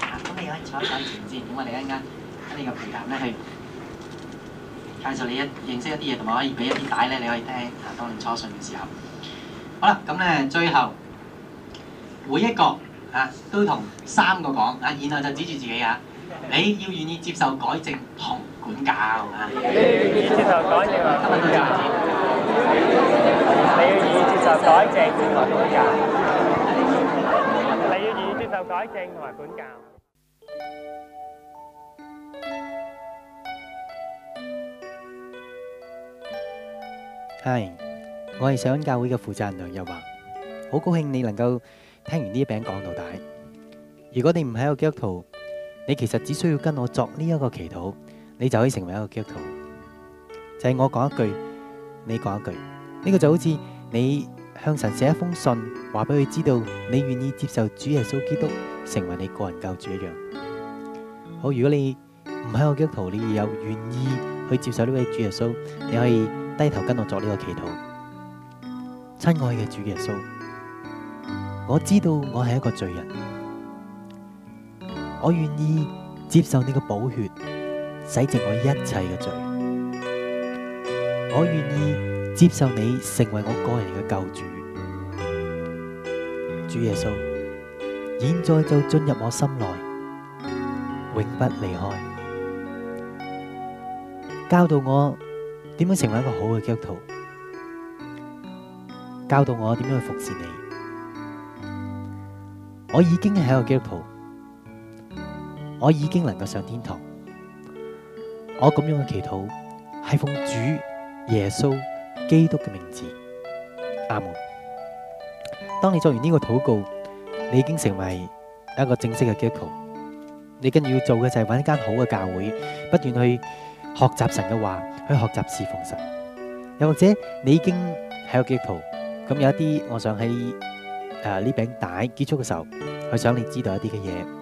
啊、你可以坐一坐前先，咁我哋一陣間呢個評價咧，去介紹你一認識一啲嘢，同埋可以俾一啲帶咧，你可以聽啊，當你初信嘅時候。好啦，咁咧最後每一個啊都同三個講啊，然後就指住自己啊。你要願意接受改正同管教啊！你要願意接受改正啊！你要願意接受改正同管教。你要願意接受改正同管教。係，我係社會教會嘅負責人梁日華，好高興你能夠聽完呢一餅講到底。如果你唔係個基督徒，你其實只需要跟我作呢一個祈禱，你就可以成為一個基督徒。就係我講一句，你講一句，呢個就好似你向神寫一封信，話俾佢知道你願意接受主耶穌基督成為你個人救主一樣。好，如果你唔係一個基督徒，而有願意去接受呢位主耶穌，你可以低頭跟我作呢個祈禱。親愛嘅主耶穌，我知道我係一個罪人。我願意接受你嘅寶血，洗淨我一切嘅罪。我願意接受你成為我個人嘅救主，主耶穌，現在就進入我心內，永不離開，教導我點樣成為一個好嘅基督徒，教導我點樣去服侍你。我已經係一個基督徒。我已經能夠上天堂。我咁樣嘅祈禱係奉主耶穌基督嘅名字，阿門。當你做完呢個禱告，你已經成為一個正式嘅基督徒。你跟住要做嘅就係揾一間好嘅教會，不斷去學習神嘅話，去學習侍奉神。又或者你已經係一個基督徒，咁有一啲，我想喺誒呢餅帶結束嘅時候，去想你知道一啲嘅嘢。